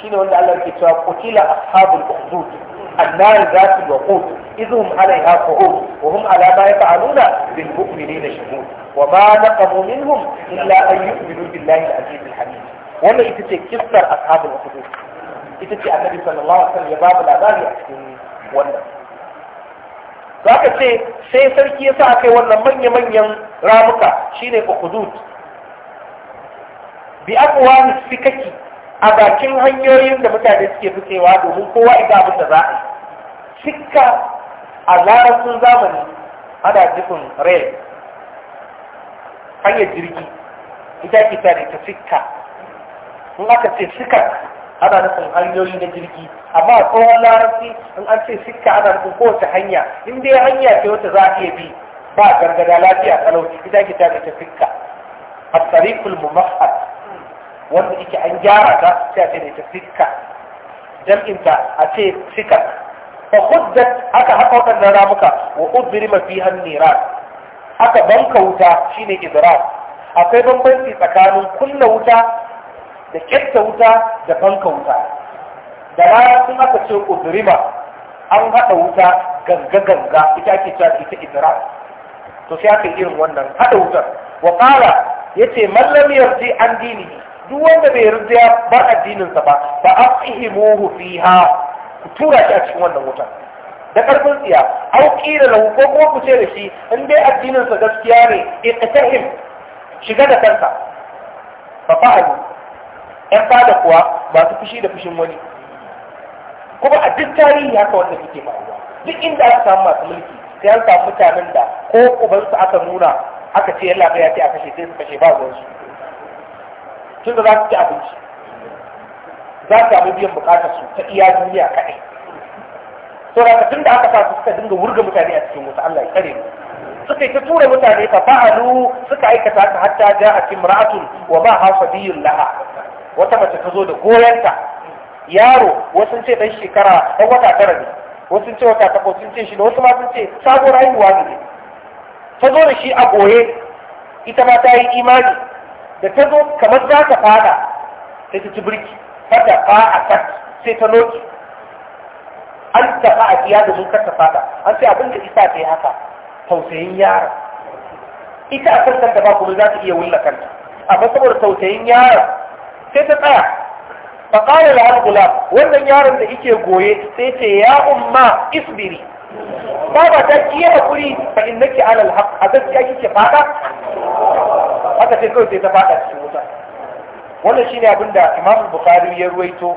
Speaker 1: shine wanda Allah yake cewa qutila ashabul ukhududi annar za su waqut idhum alaiha qu'ud wa hum ala ma yaf'aluna bil mu'minina shuhud wa ma naqamu minhum illa an yu'minu billahi al-aziz al-hamid wannan ita ce kissar ashabul ukhdud ita ce annabi sallallahu ya babu labari a wannan ce sai sarki ya sa kai wannan manya-manyan ramuka shine ukhdud bi aqwa fikaki a bakin hanyoyin da mutane suke fitewa domin kowa ita abin da za a yi cikka a larabcin zamani ana jifin rail hanyar jirgi ita ke ta ta cikka in aka ce cika ana nufin hanyoyi na jirgi amma a tsohon larabci in an ce cika ana nufin kowace hanya in dai hanya ce wata za a iya bi ba gargada lafiya kalau ita ke ta ta cika a tsarikul mu wanda yake an gyara ta sai a ce ne ta sikka jam'inta a ce fika fa huddat aka haka waɗannan ramuka wa udrima fi hannira aka banka wuta shine idrar akwai bambanci tsakanin kunna wuta da ketta wuta da banka wuta da rana sun aka ce udrima an haɗa wuta ganga ganga ita ake cewa ita idrar to sai aka yi irin wannan haɗa wutar wa qala yace mallamiyar lam yarji an dinihi duk wanda bai yarda ya bar addininsa ba ba fa aqimuhu fiha ku tura shi a cikin wannan wuta da karfin tsiya au da lahu ko kuma ku ce da shi in dai addininsa gaskiya ne iqtahim shiga da kanka fa fa'alu yan fada kuwa ba su fushi da fushin wani kuma a duk tarihi haka wanda suke faruwa duk inda aka samu masu mulki sai an samu mutanen da ko ubansu aka nuna aka ce yalla ya ce a kashe sai su kashe ba ruwansu tun da za su ci abinci za su abin biyan bukatar su ta iya duniya kaɗai da tun da aka sa su suka dinga wurga mutane a cikin wuta Allah ya kare mu suka yi ta tura mutane ka fa'alu suka aikata ka hatta ja a timra'atun wa ma ha biyun laha wata mace ta zo da goyonta yaro wasu ce dan shekara ɗan wata tara ne wasu ce wata takwas sun ce shi da wasu ma sun ce sabuwar rayuwa ne ta zo da shi a goye ita ma ta yi imani da ta zo kamar za ta fada sai ta ci birki fata fa a kat sai ta noki an tafa a biya da zukar ta fada an sai abin da isa ta yi haka tausayin yara ita a kan kanta ba kuma za ta iya wulla kanta amma saboda tausayin yara sai ta tsaya la'ar da wannan yaron da yake goye sai ce ya umma isbiri baba ta ki ya hakuri fa innaki ala alhaq a gaskiya kike fada haka sai kawai sai ta fada cikin wuta wannan shine abin da Imam Bukhari ya ruwaito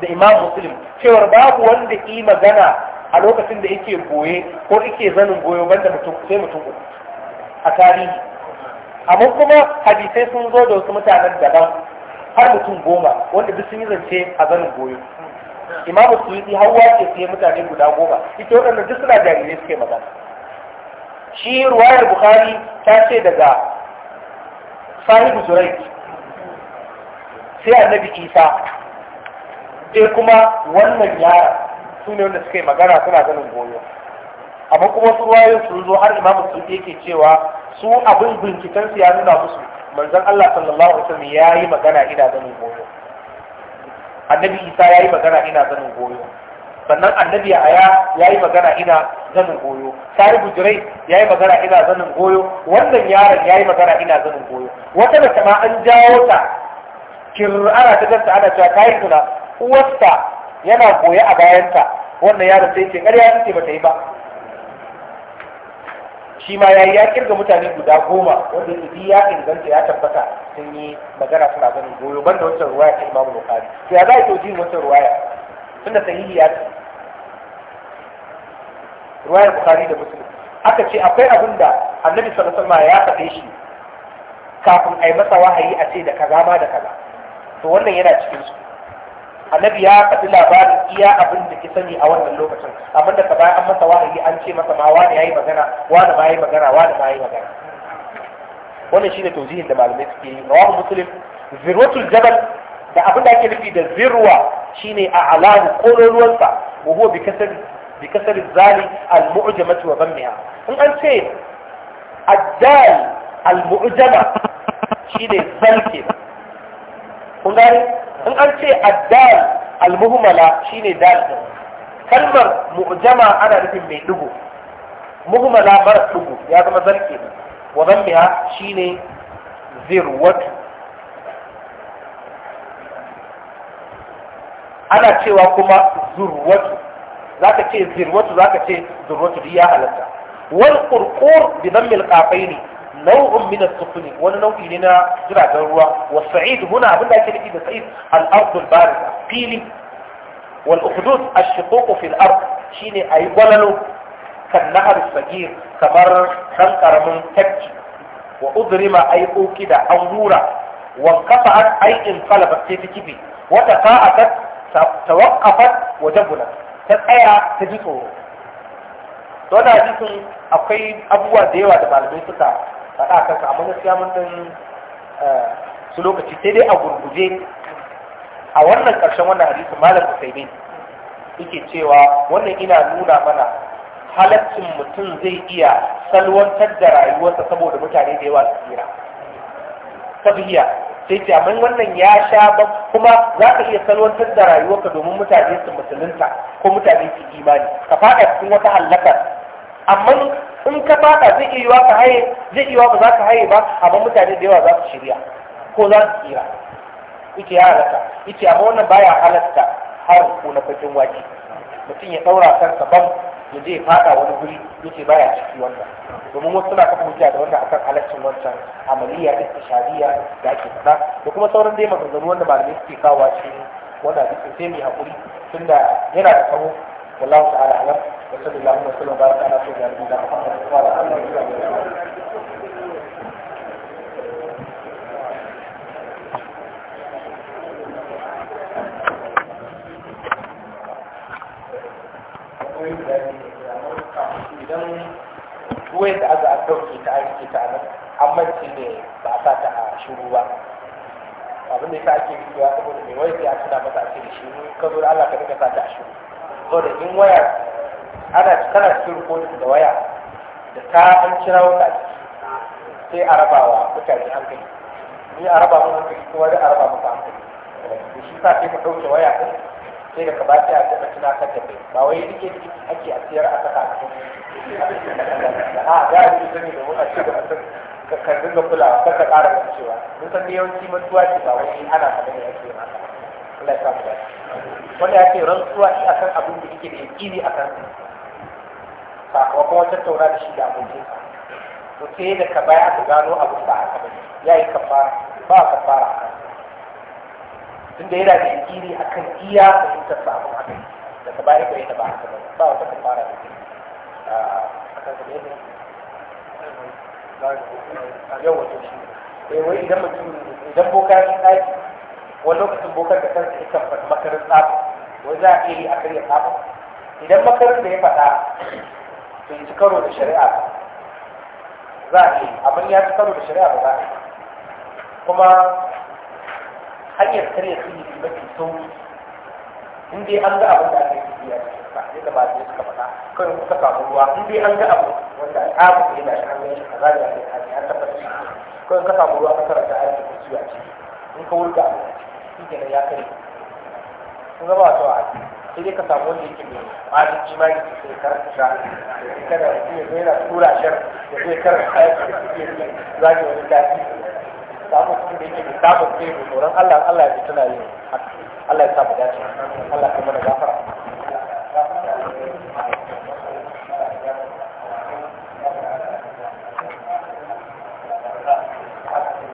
Speaker 1: da imamu Muslim Cewar babu wanda yi magana a lokacin da yake goye ko yake zanin goyo banda mutum sai mutum uku a tarihi amma kuma hadisai sun zo da wasu mutanen daban har mutum goma wanda duk sun yi zance a zanin goyo imamu suyuti hawa ke sai mutane guda goma ita waɗanda duk suna jarirai suke magana shi ruwayar bukhari ta ce daga sahibu zurai sai annabi isa sai kuma wannan yara su ne wanda suka magana suna ganin goyo amma kuma su ruwayar su zo har imamu suyuti yake cewa su abin bincikansu ya nuna musu manzon Allah sallallahu alaihi wasallam ya yi magana ina ganin goyo annabi isa ya yi magana ina zanin goyo sannan annabi aya ya yi magana ina zanin goyo sari bujirai ya yi magana ina zanin goyo wannan yaron ya yi magana ina zanin goyo wata mace ma an jawo ta ana ta ganta ana cewa ta yi tuna uwarsa yana goye a bayanta wannan yaron sai ce ƙarya ta ce ta yi ba shi ma yayi ya kirga mutane guda goma wanda yake ya inganta ya tabbata sun yi magana suna ganin goyo banda wancan ruwaya ta imamu Bukhari to ya za a tauji wancan ruwaya tunda sahihi ya ce ruwayar bukari da Muslim aka ce akwai abin da Annabi sallallahu alaihi ya faɗe shi kafin a yi masa wahayi a ce da kaza ma da kaza to wannan yana cikin su annabi ya faɗi labarin iya abin da ki sani a wannan lokacin amma da baya an masa wahayi an ce masa ma wani yayi magana wani ma yayi magana wani ma yayi magana wannan shine tauzihin da malamai suke yi rawahu muslim zirwatul jabal da abin da ake nufi da zirwa shine a alahu kololuwansa wa huwa bi kasar bi kasar zali al mu'jamati wa dhammiha in an ce addal al mu'jama shine zalke kun gani in an ce addal almuhmala shine dal kalmar mu'jama ana nufin mai dugo muhmala mara dugo ya zama zarke wa zammiha shine zirwatu ana cewa kuma zurwatu zaka ce zirwatu zaka ce zurwatu ya halatta wal qurqur bi dhammil qafaini Nau'in min as wani nau'i ne na jiragen ruwa wa sa'id huna abin da da sa'id al-ardu al-barida fili wal ukhdud ash-shuquq fi al-ard shine ayi gwalalo kan nahar sagir kamar dan ƙaramin tafki wa udrima ay ukida an hura wa kafa'at ay in qalabat sai ta kibi wa tafa'atat tawaqqafat wa jabula ta tsaya ta ji tsoro to da hadisin akwai abubuwa da yawa da malamai suka faɗa su amma gaskiya mun dan eh, su lokaci sai dai a gurguje a wannan ƙarshen wannan hadisin malam Usaimin yake cewa wannan ina nuna mana halaccin mutum zai iya salwantar da rayuwarsa saboda mutane da yawa su tsira tabiya sai ce amma wannan ya sha ba kuma za ka iya salwantar da rayuwarka domin mutane su musulunta ko mutane su imani ka faɗa cikin wata hallakar amma in ka fada zai iya yiwa ka haye zai iya yiwa ba za ka haye ba amma mutane da yawa za su shirya ko za su tsira ita ya halatta ita amma wannan baya halatta har ko na fakin waki. mutum ya daura kansa ban ya je ya fada wani guri yake baya ciki wannan domin wasu suna kafa hujja da wannan akan halaccin wancan amaliya istishariya da ake faɗa da kuma sauran dai maganganu wanda malamai suke kawo cikin wanda duk sai mai haƙuri tunda yana da tsawo wallahu ta'ala alam وصلى الله وسلم وبارك على سيدنا محمد وعلى
Speaker 2: اله وصحبه اجمعين
Speaker 1: ruwa da aka a ɗauke ta aiki ta nan an ne ba a sa ta a shiru ba abin da ta ake yi ya saboda mai waya ya tuna masa ake da shiru ka zo da Allah ka dinga sa ta a saboda in ana kana cikin rikotin da waya da ta an kira wata sai a rabawa mutane hankali ni a raba mu hankali kuma da a raba mu hankali to shi sa sai ka ɗauke waya ɗin sai da ka ba ta da taɓa tunatar da kai ba wai yake da ake a siyar a saka a cikin a ga yi da mu a ce da mutum ka dinga kula, kar ka ƙara cewa mun san yawanci mutuwa ce ba wai ana ka da ake yin haka Allah ya samu dace wanda ya ce rantsuwa shi akan abin da yake da yaƙini akan sakamakon wata taura da shi da abokinsa to sai da ka baya ka gano abin ba haka bane ya yi kafara ba kafara a Tun da yana da ikiri akan iya fahimtar sa abin haka da ka baya bai da ba haka bane ba wata kafara da ke a kansa ne ne a yau wato shi eh wai idan mutum idan bokar shi tsaki wani lokacin bokar da kansa ya kan makarin tsafi wai za a iya yi a karya tsafi idan makarin da ya faɗa to yi karo da shari'a za a yi abin ya ci karo da shari'a ba za a yi kuma hanyar karya su yi mafi sauri in dai an ga abin da ake yi a cikin ba sai da ba su suka faɗa kawai kuka samu ruwa in dai an ga abu wanda a al'abu ne na shi hanyar shi a zari a kai hanyar tabbata shi kawai ka samu ruwa ka karanta a yi ciwo a ciki in ka wurga abu shi kenan ya kai sun zama wasu a ciki sai ka samu wanda yake mai malin imani da sai karanta sha ka mutum ya zo yana tura shar da zai karanta kayan da suke yi zagi wani daɗi samu kuma da yake mai samun kai mai tsoron Allah Allah ya tuna yin Allah ya samu dace Allah ya mana gafara